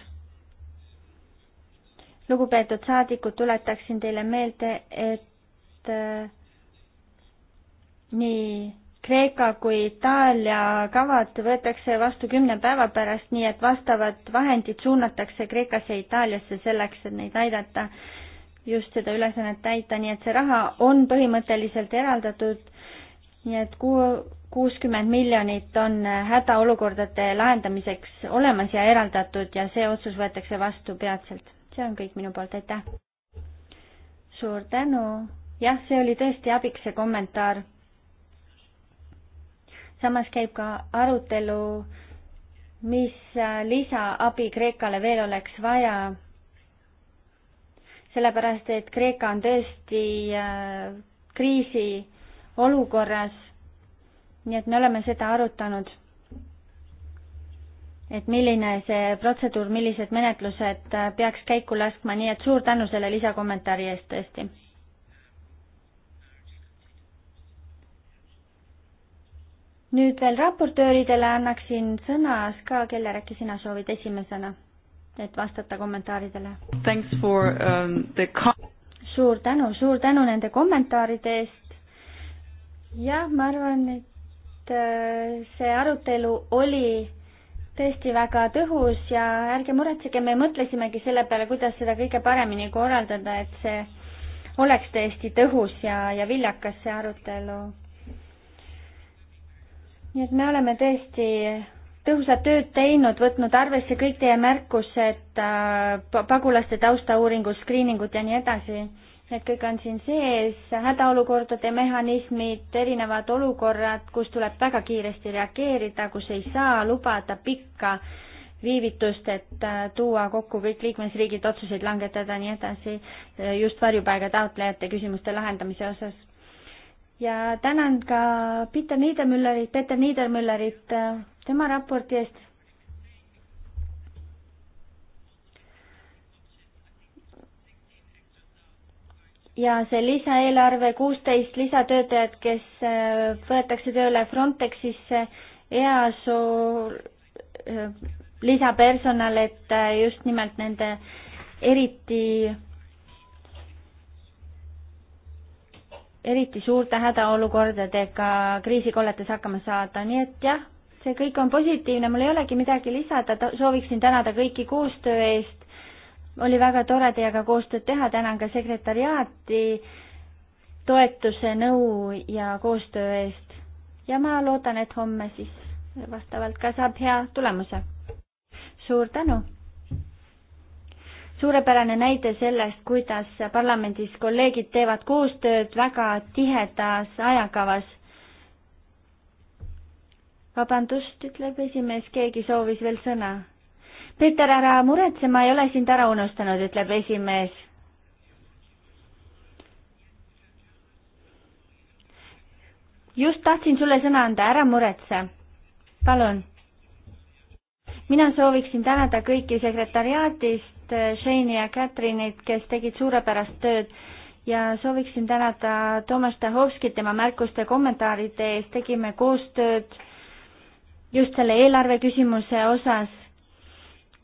lugupeetud saadikud, tuletaksin teile meelde, et äh, nii Kreeka kui Itaalia kavad võetakse vastu kümne päeva pärast, nii et vastavad vahendid suunatakse Kreekasse ja Itaaliasse selleks, et neid aidata just seda ülesannet täita, nii et see raha on põhimõtteliselt eraldatud. nii et kuu, kuuskümmend miljonit on hädaolukordade lahendamiseks olemas ja eraldatud ja see otsus võetakse vastu peatselt see on kõik minu poolt, aitäh! suur tänu, jah, see oli tõesti abiks, see kommentaar. samas käib ka arutelu, mis äh, lisaabi Kreekale veel oleks vaja, sellepärast et Kreeka on tõesti äh, kriisiolukorras, nii et me oleme seda arutanud et milline see protseduur, millised menetlused äh, peaks käiku laskma, nii et suur tänu selle lisakommentaari eest tõesti. nüüd veel raportööridele annaksin sõna, Ska Keller, äkki sina soovid esimesena, et vastata kommentaaridele?
Um, the...
suur tänu, suur tänu nende kommentaaride eest. jah, ma arvan, et äh, see arutelu oli tõesti väga tõhus ja ärge muretsege, me mõtlesimegi selle peale, kuidas seda kõige paremini korraldada, et see oleks tõesti tõhus ja, ja viljakas, see arutelu. nii et me oleme tõesti tõhusat tööd teinud, võtnud arvesse kõik teie märkused, äh, pagulaste taustauuringud, skriiningud ja nii edasi need kõik on siin sees, hädaolukordade mehhanismid, erinevad olukorrad, kus tuleb väga kiiresti reageerida, kus ei saa lubada pikka viivitust, et äh, tuua kokku kõik liikmesriigid, otsuseid langetada, nii edasi, äh, just varjupaiga taotlejate küsimuste lahendamise osas. ja tänan ka Peter Niedermüllerit, Peter Niedermüllerit äh, tema raporti eest ja see lisaeelarve kuusteist lisatöötajat, kes äh, võetakse tööle Frontexisse, EASO äh, lisapersonal, et äh, just nimelt nende eriti, eriti suurte hädaolukordadega kriisikolletes hakkama saada, nii et jah, see kõik on positiivne, mul ei olegi midagi lisada, sooviksin tänada kõiki koostöö eest oli väga tore teiega koostööd teha, tänan ka sekretariaati toetuse, nõu ja koostöö eest. ja ma loodan, et homme siis vastavalt ka saab hea tulemuse. suur tänu! suurepärane näide sellest, kuidas parlamendis kolleegid teevad koostööd väga tihedas ajakavas. vabandust, ütleb esimees, keegi soovis veel sõna Peeter, ära muretse, ma ei ole sind ära unustanud, ütleb esimees. just tahtsin sulle sõna anda, ära muretse. palun. mina sooviksin tänada kõiki sekretariaadist, Shane'i ja Catherine'it, kes tegid suurepärast tööd ja sooviksin tänada Toomas Tahovskit tema märkuste ja kommentaaride eest, tegime koostööd just selle eelarve küsimuse osas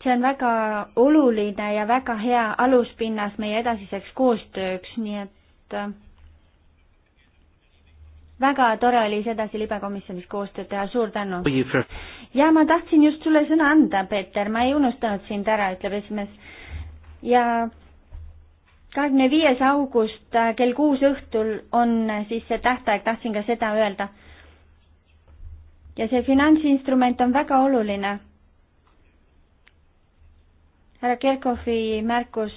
see on väga oluline ja väga hea aluspinnas meie edasiseks koostööks, nii et äh, väga tore oli sedasi libekomisjonis koostööd teha, suur tänu! ja ma tahtsin just sulle sõna anda, Peeter, ma ei unustanud sind ära, ütleb esimees. ja kahekümne viies august äh, kell kuus õhtul on äh, siis see tähtaeg, tahtsin ka seda öelda. ja see finantsinstrument on väga oluline härra Kerkhovi märkus,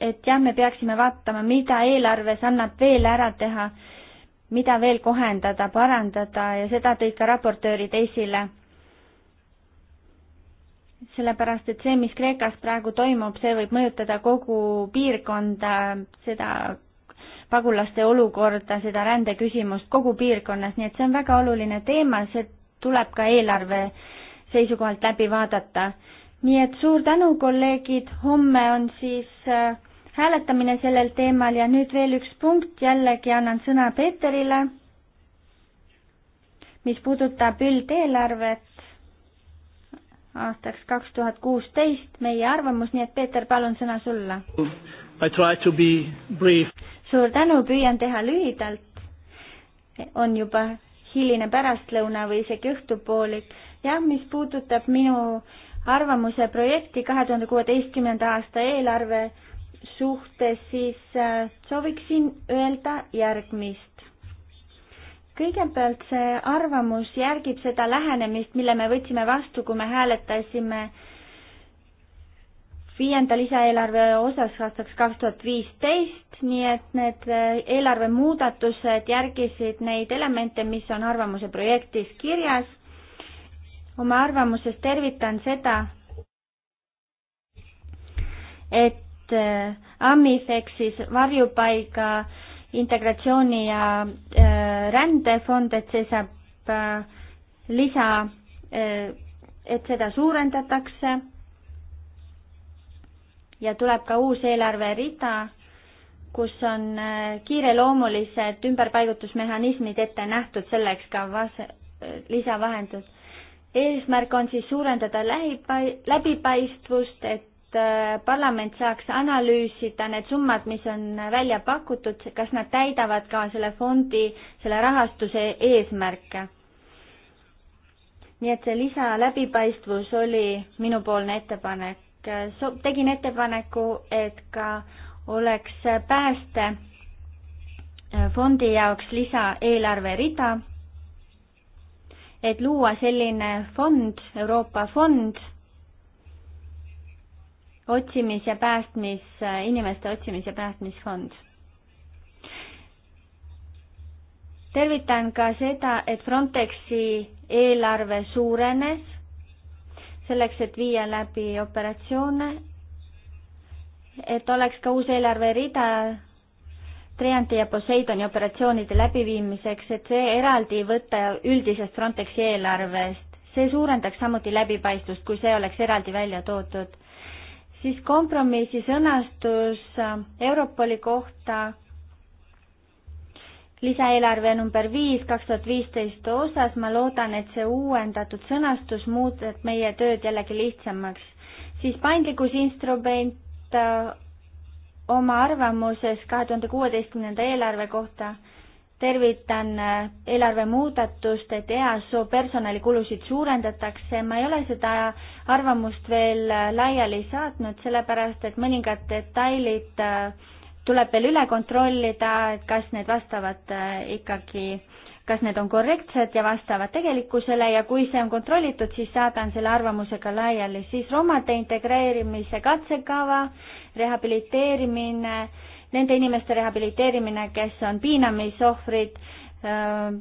et jah, me peaksime vaatama, mida eelarves annab veel ära teha, mida veel kohendada, parandada ja seda tõid ka raportöörid esile. sellepärast, et see, mis Kreekas praegu toimub, see võib mõjutada kogu piirkonda, seda pagulaste olukorda, seda rändeküsimust kogu piirkonnas, nii et see on väga oluline teema, see tuleb ka eelarve seisukohalt läbi vaadata nii et suur tänu, kolleegid, homme on siis äh, hääletamine sellel teemal ja nüüd veel üks punkt, jällegi annan sõna Peeterile, mis puudutab üldeelarvet aastaks kaks tuhat kuusteist, meie arvamus, nii et Peeter, palun sõna sulle. suur tänu, püüan teha lühidalt. on juba hiline pärastlõuna või isegi õhtupoolik. jah, mis puudutab minu äh, arvamuse projekti kahe tuhande kuueteistkümnenda aasta eelarve suhtes, siis äh, sooviksin öelda järgmist. kõigepealt see arvamus järgib seda lähenemist, mille me võtsime vastu, kui me hääletasime viienda lisaeelarve osas aastaks kaks tuhat viisteist, nii et need äh, eelarve muudatused järgisid neid elemente, mis on arvamuse projektis kirjas oma arvamuses tervitan seda, et äh, AMIF ehk siis varjupaiga integratsiooni ja äh, rändefond, et see saab äh, lisa, et seda suurendatakse ja tuleb ka uus eelarverida, kus on kiireloomulised ümberpaigutusmehhanismid ette nähtud, selleks ka vas-, lisavahendus eesmärk on siis suurendada lähipa-, läbipaistvust, et äh, parlament saaks analüüsida need summad, mis on välja pakutud, kas nad täidavad ka selle fondi, selle rahastuse eesmärke. nii et see lisaläbipaistvus oli minupoolne ettepanek. Äh, so-, tegin ettepaneku, et ka oleks päästefondi äh, jaoks lisaeelarverida et luua selline fond, Euroopa fond, otsimis- ja päästmis, inimeste otsimis- ja päästmisfond. tervitan ka seda, et Frontexi eelarve suurenes selleks, et viia läbi operatsioone, et oleks ka uus eelarverida Trianti ja Poseidoni operatsioonide läbiviimiseks, et see eraldi võtta üldisest Frontexi eelarvest, see suurendaks samuti läbipaistvust, kui see oleks eraldi välja toodud. siis kompromissi sõnastus Europoli kohta lisaeelarve number viis kaks tuhat viisteist osas, ma loodan, et see uuendatud sõnastus muudab meie tööd jällegi lihtsamaks. siis paindlikkusinstrument oma arvamuses kahe tuhande kuueteistkümnenda eelarve kohta tervitan äh, eelarve muudatust, et EASO personalikulusid suurendatakse, ma ei ole seda arvamust veel äh, laiali saatnud, sellepärast et mõningad detailid äh, tuleb veel üle kontrollida, et kas need vastavad ikkagi kas need on korrektsed ja vastavad tegelikkusele ja kui see on kontrollitud, siis saadan selle arvamusega laiali. siis romade integreerimise katsekava, rehabiliteerimine, nende inimeste rehabiliteerimine, kes on piinamisohvrid, äh,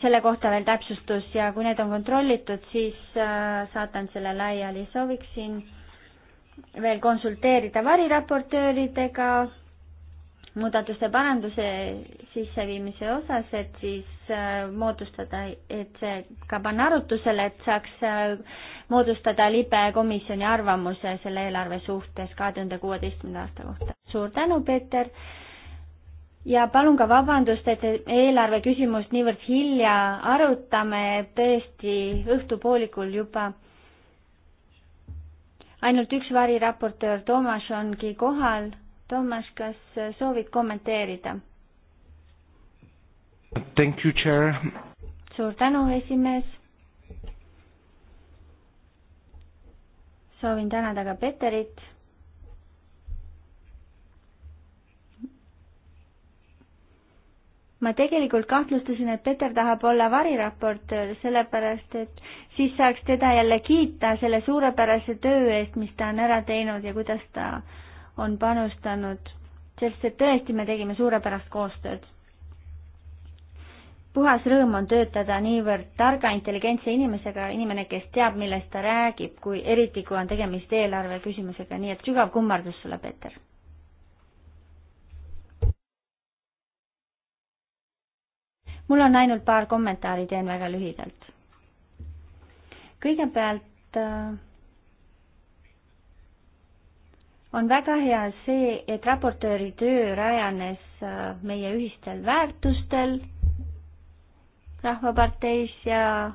selle kohta veel täpsustus ja kui need on kontrollitud, siis äh, saatan selle laiali. sooviksin veel konsulteerida variraportööridega muudatuste paranduse sisseviimise osas, et siis äh, moodustada, et see ka panna arutusele, et saaks äh, moodustada libe komisjoni arvamuse selle eelarve suhtes kahe tuhande kuueteistkümnenda aasta kohta. suur tänu, Peeter! ja palun ka vabandust, et eelarve küsimust niivõrd hilja arutame, tõesti õhtupoolikul juba ainult üks variraportöör, Toomas, ongi kohal Toomas, kas soovid kommenteerida?
Thank you, chair.
suur tänu, esimees. soovin tänada ka Peterit. ma tegelikult kahtlustasin, et Peter tahab olla variraportöör, sellepärast et siis saaks teda jälle kiita selle suurepärase töö eest, mis ta on ära teinud ja kuidas ta äh, on panustanud, sest et tõesti me tegime suurepärast koostööd. puhas rõõm on töötada niivõrd targa, intelligentse inimesega, inimene, kes teab, millest ta räägib, kui eriti, kui on tegemist eelarve küsimusega, nii et sügav kummardus sulle, Peeter mul on ainult paar kommentaari, teen väga lühidalt. kõigepealt äh, on väga hea see, et raportööri töö rajanes äh, meie ühistel väärtustel Rahvaparteis ja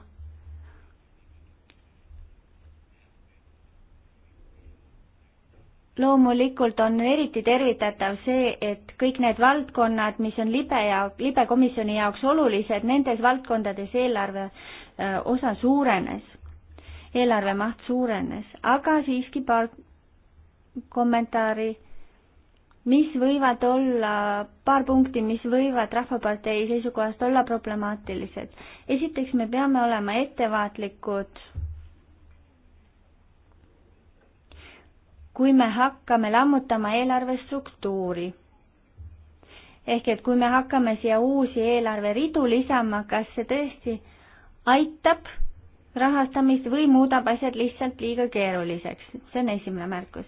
loomulikult on eriti tervitatav see, et kõik need valdkonnad, mis on libe ja libe komisjoni jaoks olulised, nendes valdkondades eelarve äh, osa suurenes, eelarve maht suurenes, aga siiski paar kommentaari, mis võivad olla, paar punkti, mis võivad Rahvapartei seisukohast olla problemaatilised. esiteks, me peame olema ettevaatlikud, kui me hakkame lammutama eelarve struktuuri ehk et kui me hakkame siia uusi eelarveridu lisama, kas see tõesti aitab rahastamist või muudab asjad lihtsalt liiga keeruliseks, see on esimene märkus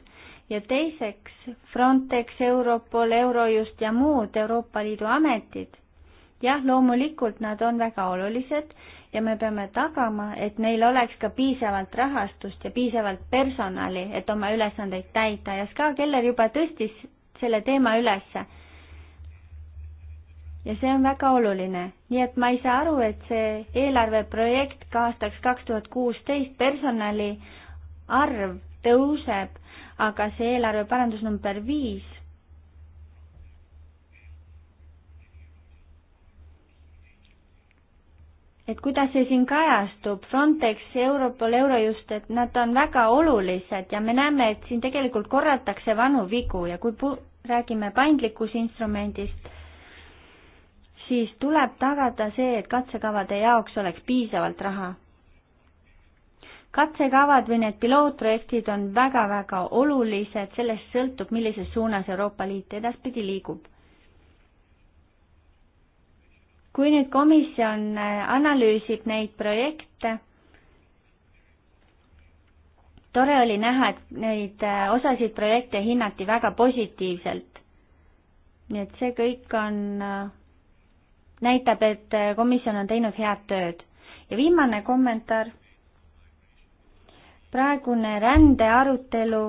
ja teiseks Frontex, Europol, Eurojust ja muud Euroopa Liidu ametid. jah, loomulikult nad on väga olulised ja me peame tagama, et neil oleks ka piisavalt rahastust ja piisavalt personali, et oma ülesandeid täita ja Ska Keller juba tõstis selle teema ülesse. ja see on väga oluline, nii et ma ei saa aru, et see eelarveprojekt ka aastaks kaks tuhat kuusteist personali arv tõuseb aga see eelarve parandus number viis et kuidas see siin kajastub, Frontex, Europol, Eurojust, et nad on väga olulised ja me näeme, et siin tegelikult korratakse vanu vigu ja kui pu-, räägime paindlikkusinstrumendist, siis tuleb tagada see, et katsekavade jaoks oleks piisavalt raha katsekavad või need pilootprojektid on väga-väga olulised, sellest sõltub, millises suunas Euroopa Liit edaspidi liigub. kui nüüd komisjon äh, analüüsib neid projekte, tore oli näha, et neid äh, osasid projekte hinnati väga positiivselt. nii et see kõik on, äh, näitab, et komisjon on teinud head tööd. ja viimane kommentaar praegune rändearutelu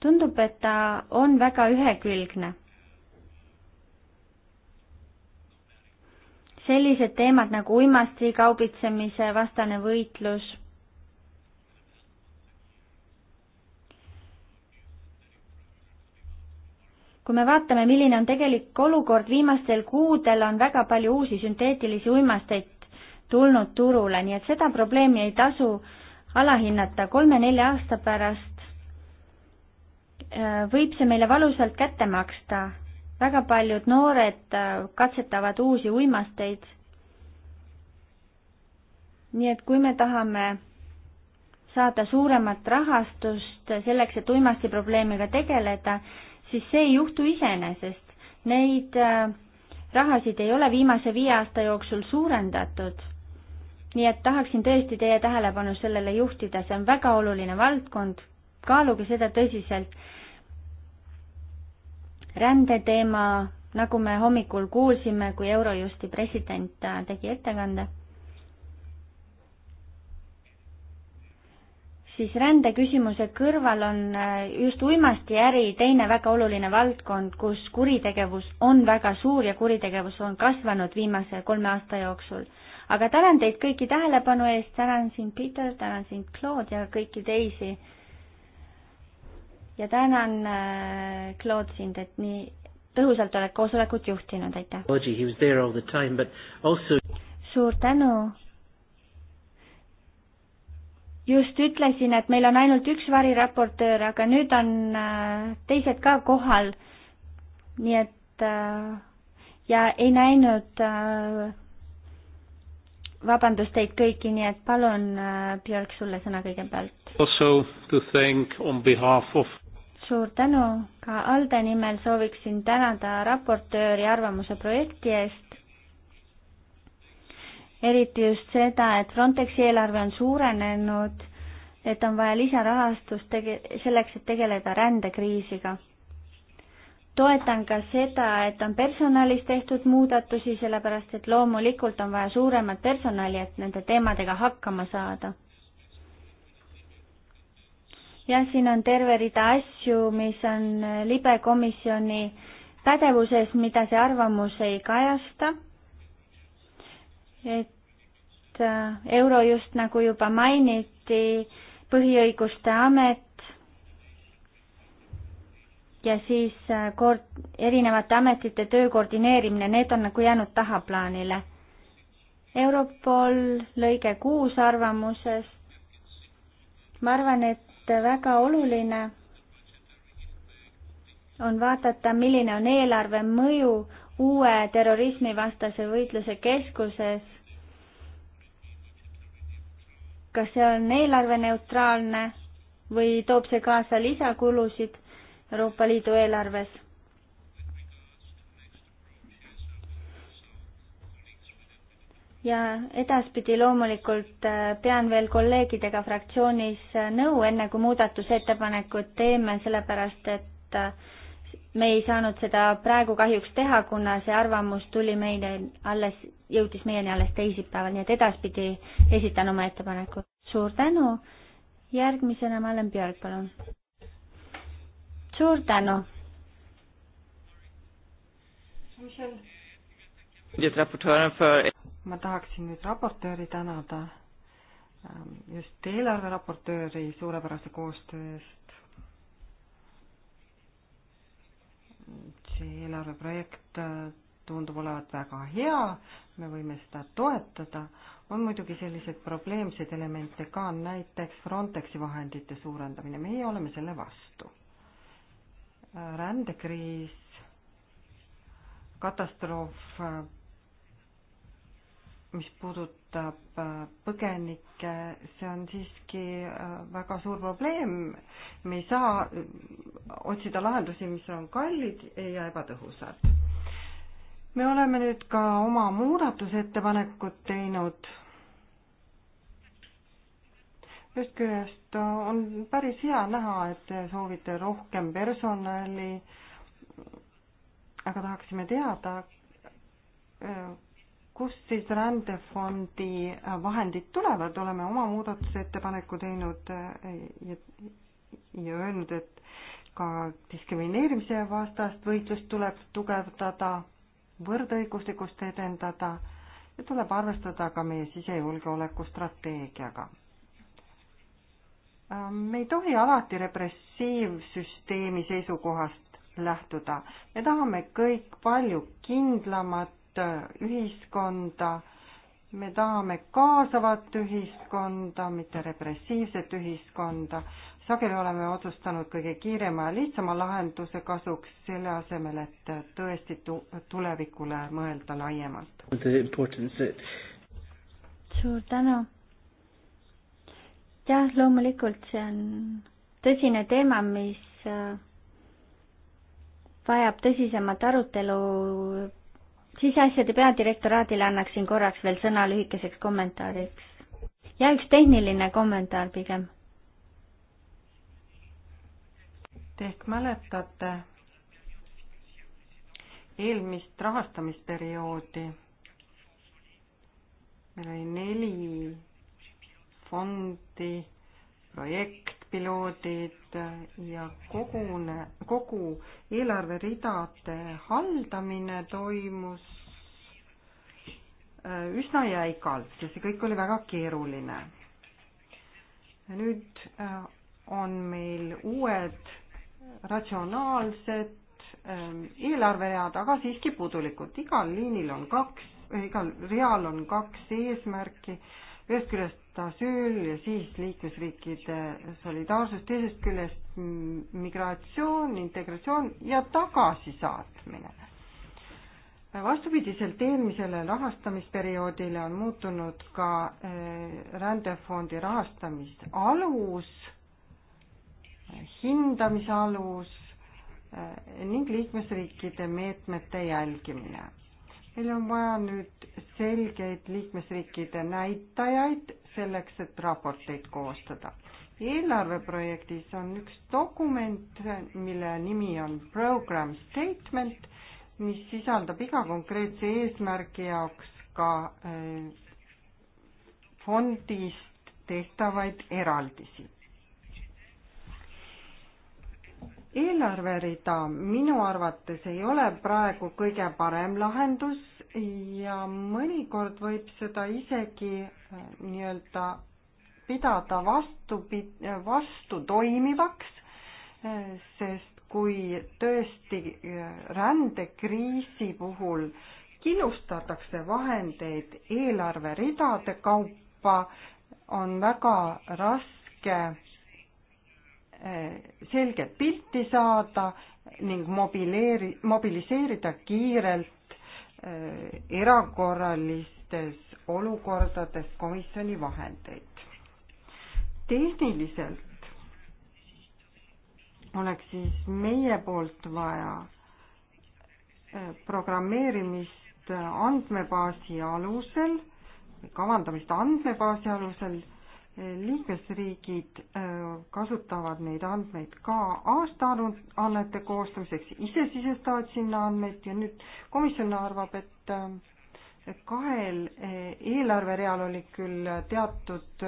tundub, et ta on väga ühekülgne. sellised teemad nagu uimastikaubitsemise vastane võitlus kui me vaatame, milline on tegelik olukord, viimastel kuudel on väga palju uusi sünteetilisi uimasteid tulnud turule, nii et seda probleemi ei tasu alahinnata. kolme-nelja aasta pärast äh, võib see meile valusalt kätte maksta. väga paljud noored äh, katsetavad uusi uimasteid. nii et kui me tahame saada suuremat rahastust selleks, et uimastiprobleemiga tegeleda, siis see ei juhtu iseenesest. Neid äh, rahasid ei ole viimase viie aasta jooksul suurendatud nii et tahaksin tõesti teie tähelepanu sellele juhtida, see on väga oluline valdkond, kaaluge seda tõsiselt. rändeteema, nagu me hommikul kuulsime, kui Eurojusti president äh, tegi ettekande, siis rändeküsimuse kõrval on äh, just uimastiäri teine väga oluline valdkond, kus kuritegevus on väga suur ja kuritegevus on kasvanud viimase kolme aasta jooksul aga tänan teid kõiki tähelepanu eest, tänan sind, Peter, tänan sind, Claude ja kõiki teisi. ja tänan äh,, Claude, sind, et nii tõhusalt oled koosolekut juhtinud, aitäh! Also... suur tänu! just ütlesin, et meil on ainult üks variraportöör, aga nüüd on äh, teised ka kohal. nii et äh, ja ei näinud äh, vabandust teid kõiki, nii et palun, äh, Björk, sulle sõna kõigepealt. Of... suur tänu, ka Alde nimel sooviksin tänada raportööri arvamuse projekti eest. eriti just seda, et Frontexi eelarve on suurenenud, et on vaja lisarahastust tege-, selleks, et tegeleda rändekriisiga toetan ka seda, et on personalis tehtud muudatusi, sellepärast et loomulikult on vaja suuremat personali, et nende teemadega hakkama saada. jah, siin on terve rida asju, mis on libe komisjoni pädevuses, mida see arvamus ei kajasta. et äh, euro just nagu juba mainiti, põhiõiguste amet ja siis äh, koord-, erinevate ametite töö koordineerimine, need on nagu jäänud tahaplaanile. Europol lõige kuus arvamuses, ma arvan, et väga oluline on vaadata, milline on eelarve mõju uue terrorismivastase võitluse keskuses. kas see on eelarveneutraalne või toob see kaasa lisakulusid Euroopa Liidu eelarves. ja edaspidi loomulikult äh, pean veel kolleegidega fraktsioonis äh, nõu, enne kui muudatusettepanekud teeme, sellepärast et äh, me ei saanud seda praegu kahjuks teha, kuna see arvamus tuli meile alles, jõudis meieni alles teisipäeval, nii et edaspidi esitan oma ettepaneku. suur tänu, järgmisena Malen Björk, palun suur tänu.
ma tahaksin nüüd raportööri tänada, ähm, just eelarveraportööri suurepärase koostöö eest. see eelarveprojekt äh, tundub olevat väga hea, me võime seda toetada, on muidugi selliseid probleemseid elemente ka, näiteks Frontexi vahendite suurendamine, meie oleme selle vastu rändekriis, katastroof, mis puudutab äh, põgenikke, see on siiski äh, väga suur probleem. me ei saa äh, otsida lahendusi, mis on kallid ja ebatõhusad. me oleme nüüd ka oma muudatusettepanekud teinud ühest küljest on päris hea näha, et te soovite rohkem personali, aga tahaksime teada, kust siis rändefondi vahendid tulevad, oleme oma muudatusettepaneku teinud ja, ja öelnud, et ka diskrimineerimise vastast võitlust tuleb tugevdada, võrdõiguslikkust edendada ja tuleb arvestada ka meie sisejulgeoleku strateegiaga Ähm, me ei tohi alati repressiivsüsteemi seisukohast lähtuda. me tahame kõik palju kindlamat äh, ühiskonda, me tahame kaasavat ühiskonda, mitte repressiivset ühiskonda. sageli oleme otsustanud kõige kiirema ja lihtsama lahenduse kasuks, selle asemel, et äh, tõesti tu-, tulevikule mõelda laiemalt.
suur tänu jah, loomulikult see on tõsine teema, mis äh, vajab tõsisemat arutelu. siseasjade peadirektoraadile annaksin korraks veel sõna lühikeseks kommentaariks. ja üks tehniline kommentaar pigem. Te ehk mäletate
eelmist rahastamisperioodi meil oli neli fondi, projektpiloodid ja kogune, kogu eelarveridade haldamine toimus äh, üsna jäigalt ja see kõik oli väga keeruline. nüüd äh, on meil uued ratsionaalsed ähm, eelarveread, aga siiski puudulikud, igal liinil on kaks, igal real on kaks eesmärki, ühest küljest asüül ja siis liikmesriikide solidaarsus, teisest küljest migratsioon, integratsioon ja tagasisaatmine. vastupidiselt eelmisele rahastamisperioodile on muutunud ka eh, rändefondi rahastamisalus, hindamise alus eh, ning liikmesriikide meetmete jälgimine meil on vaja nüüd selgeid liikmesriikide näitajaid, selleks, et raporteid koostada. eelarveprojektis on üks dokument, mille nimi on program statement, mis sisaldab iga konkreetse eesmärgi jaoks ka äh, fondist tehtavaid eraldisi. eelarverida minu arvates ei ole praegu kõige parem lahendus ja mõnikord võib seda isegi äh, nii-öelda pidada vastu, äh, vastu toimivaks, äh, sest kui tõesti rändekriisi puhul killustatakse vahendeid eelarveridade kaupa, on väga raske selget pilti saada ning mobileeri-, mobiliseerida kiirelt Äh, erakorralistes olukordades komisjoni vahendeid. tehniliselt oleks siis meie poolt vaja äh, programmeerimist andmebaasi alusel, kavandamist andmebaasi alusel liikmesriigid äh, kasutavad neid andmeid ka aastaannete koostamiseks, ise sisestavad sinna andmeid ja nüüd komisjon arvab, et äh, kahel äh, eelarvereal oli küll teatud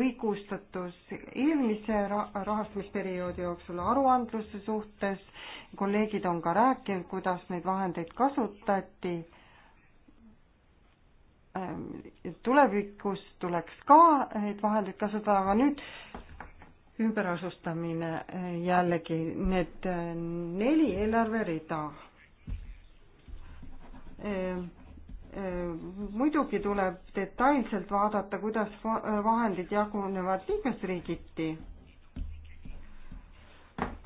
õigustatus eelmise rahastamisperioodi jooksul aruandluse suhtes, kolleegid on ka rääkinud, kuidas neid vahendeid kasutati Ähm, tulevikus tuleks ka neid vahendeid kasutada, aga nüüd ümberasustamine äh, jällegi, need äh, neli eelarverida. Ähm, äh, muidugi tuleb detailselt vaadata, kuidas vahendid jagunevad liikmesriigiti.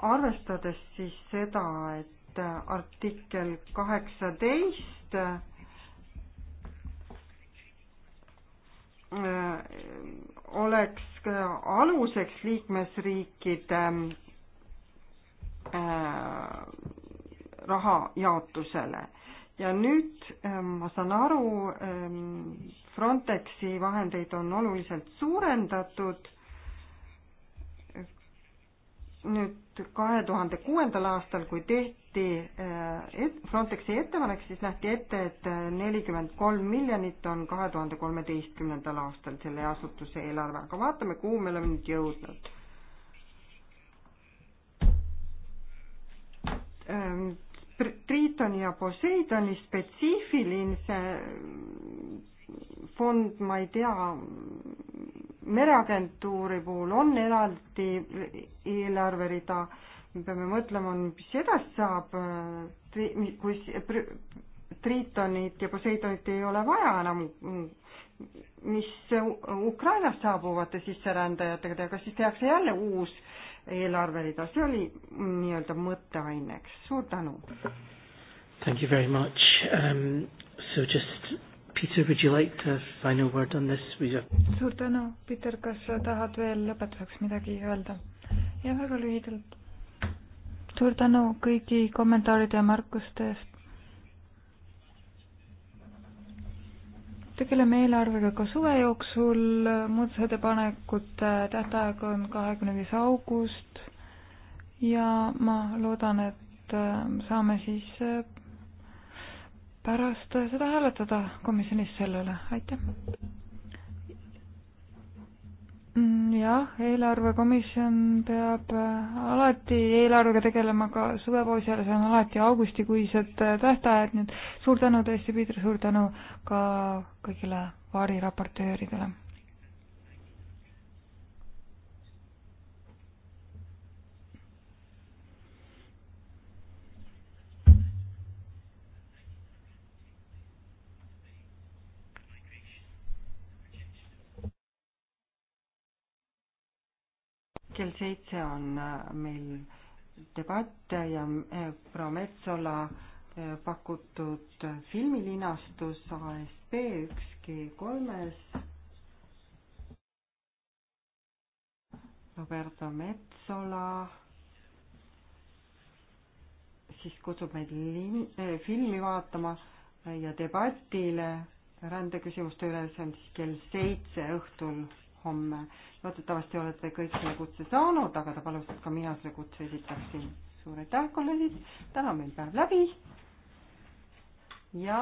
arvestades siis seda, et artikkel kaheksateist Äh, oleks aluseks liikmesriikide äh, raha jaotusele. ja nüüd äh, ma saan aru, Frontexi vahendeid on oluliselt suurendatud nüüd kahe tuhande kuuendal aastal, kui tehti äh, et, Frontexi ettepanek, siis nähti ette, et äh, nelikümmend kolm miljonit on kahe tuhande kolmeteistkümnendal aastal selle asutuse eelarve, aga vaatame, kuhu me oleme nüüd jõudnud. Ähm, Triitoni ja Poseidoni spetsiifiline äh, fond, ma ei tea, mereagentuuri puhul on eraldi eelarverida, me peame mõtlema, mis edasi saab, kui Tritonit ja Poseidonit ei ole vaja enam, mis Ukrainast saabuvate sisserändajatega teha, kas siis tehakse jälle uus eelarverida, see oli nii-öelda mõtteaineks, suur tänu!
Thank you very much um,. So just Peter, would you like to final word on this?
suur tänu, Peter, kas sa tahad veel lõpetuseks midagi öelda? jah, väga lühidalt. suur tänu kõigi kommentaaride ja märkuste eest. tegeleme eelarvega ka suve jooksul, muudatusettepanekute tähtaeg on kahekümne viis august ja ma loodan, et äh, saame siis äh, pärast seda hääletada komisjonis selle üle, aitäh. Mm, jah, eelarvekomisjon peab äh, alati eelarvega tegelema ka suvepausi ajal, see on alati augustikuised äh, tähtajad, nii et suur tänu tõesti, Piiter, suur tänu ka kõigile variraportööridele
kell seitse on äh, meil debatt ja äh, proua Metsola äh, pakutud filmilinastus ASB üks G kolmes. Roberto Metsola siis kutsub meid lin-, filmi vaatama ja debatile rändeküsimuste üle, see on siis kell seitse õhtul homme. loodetavasti olete kõik selle kutse saanud, aga ta palus, et ka mina selle kutse esitaksin. suur aitäh, kolleegid, täna on meil päev läbi ja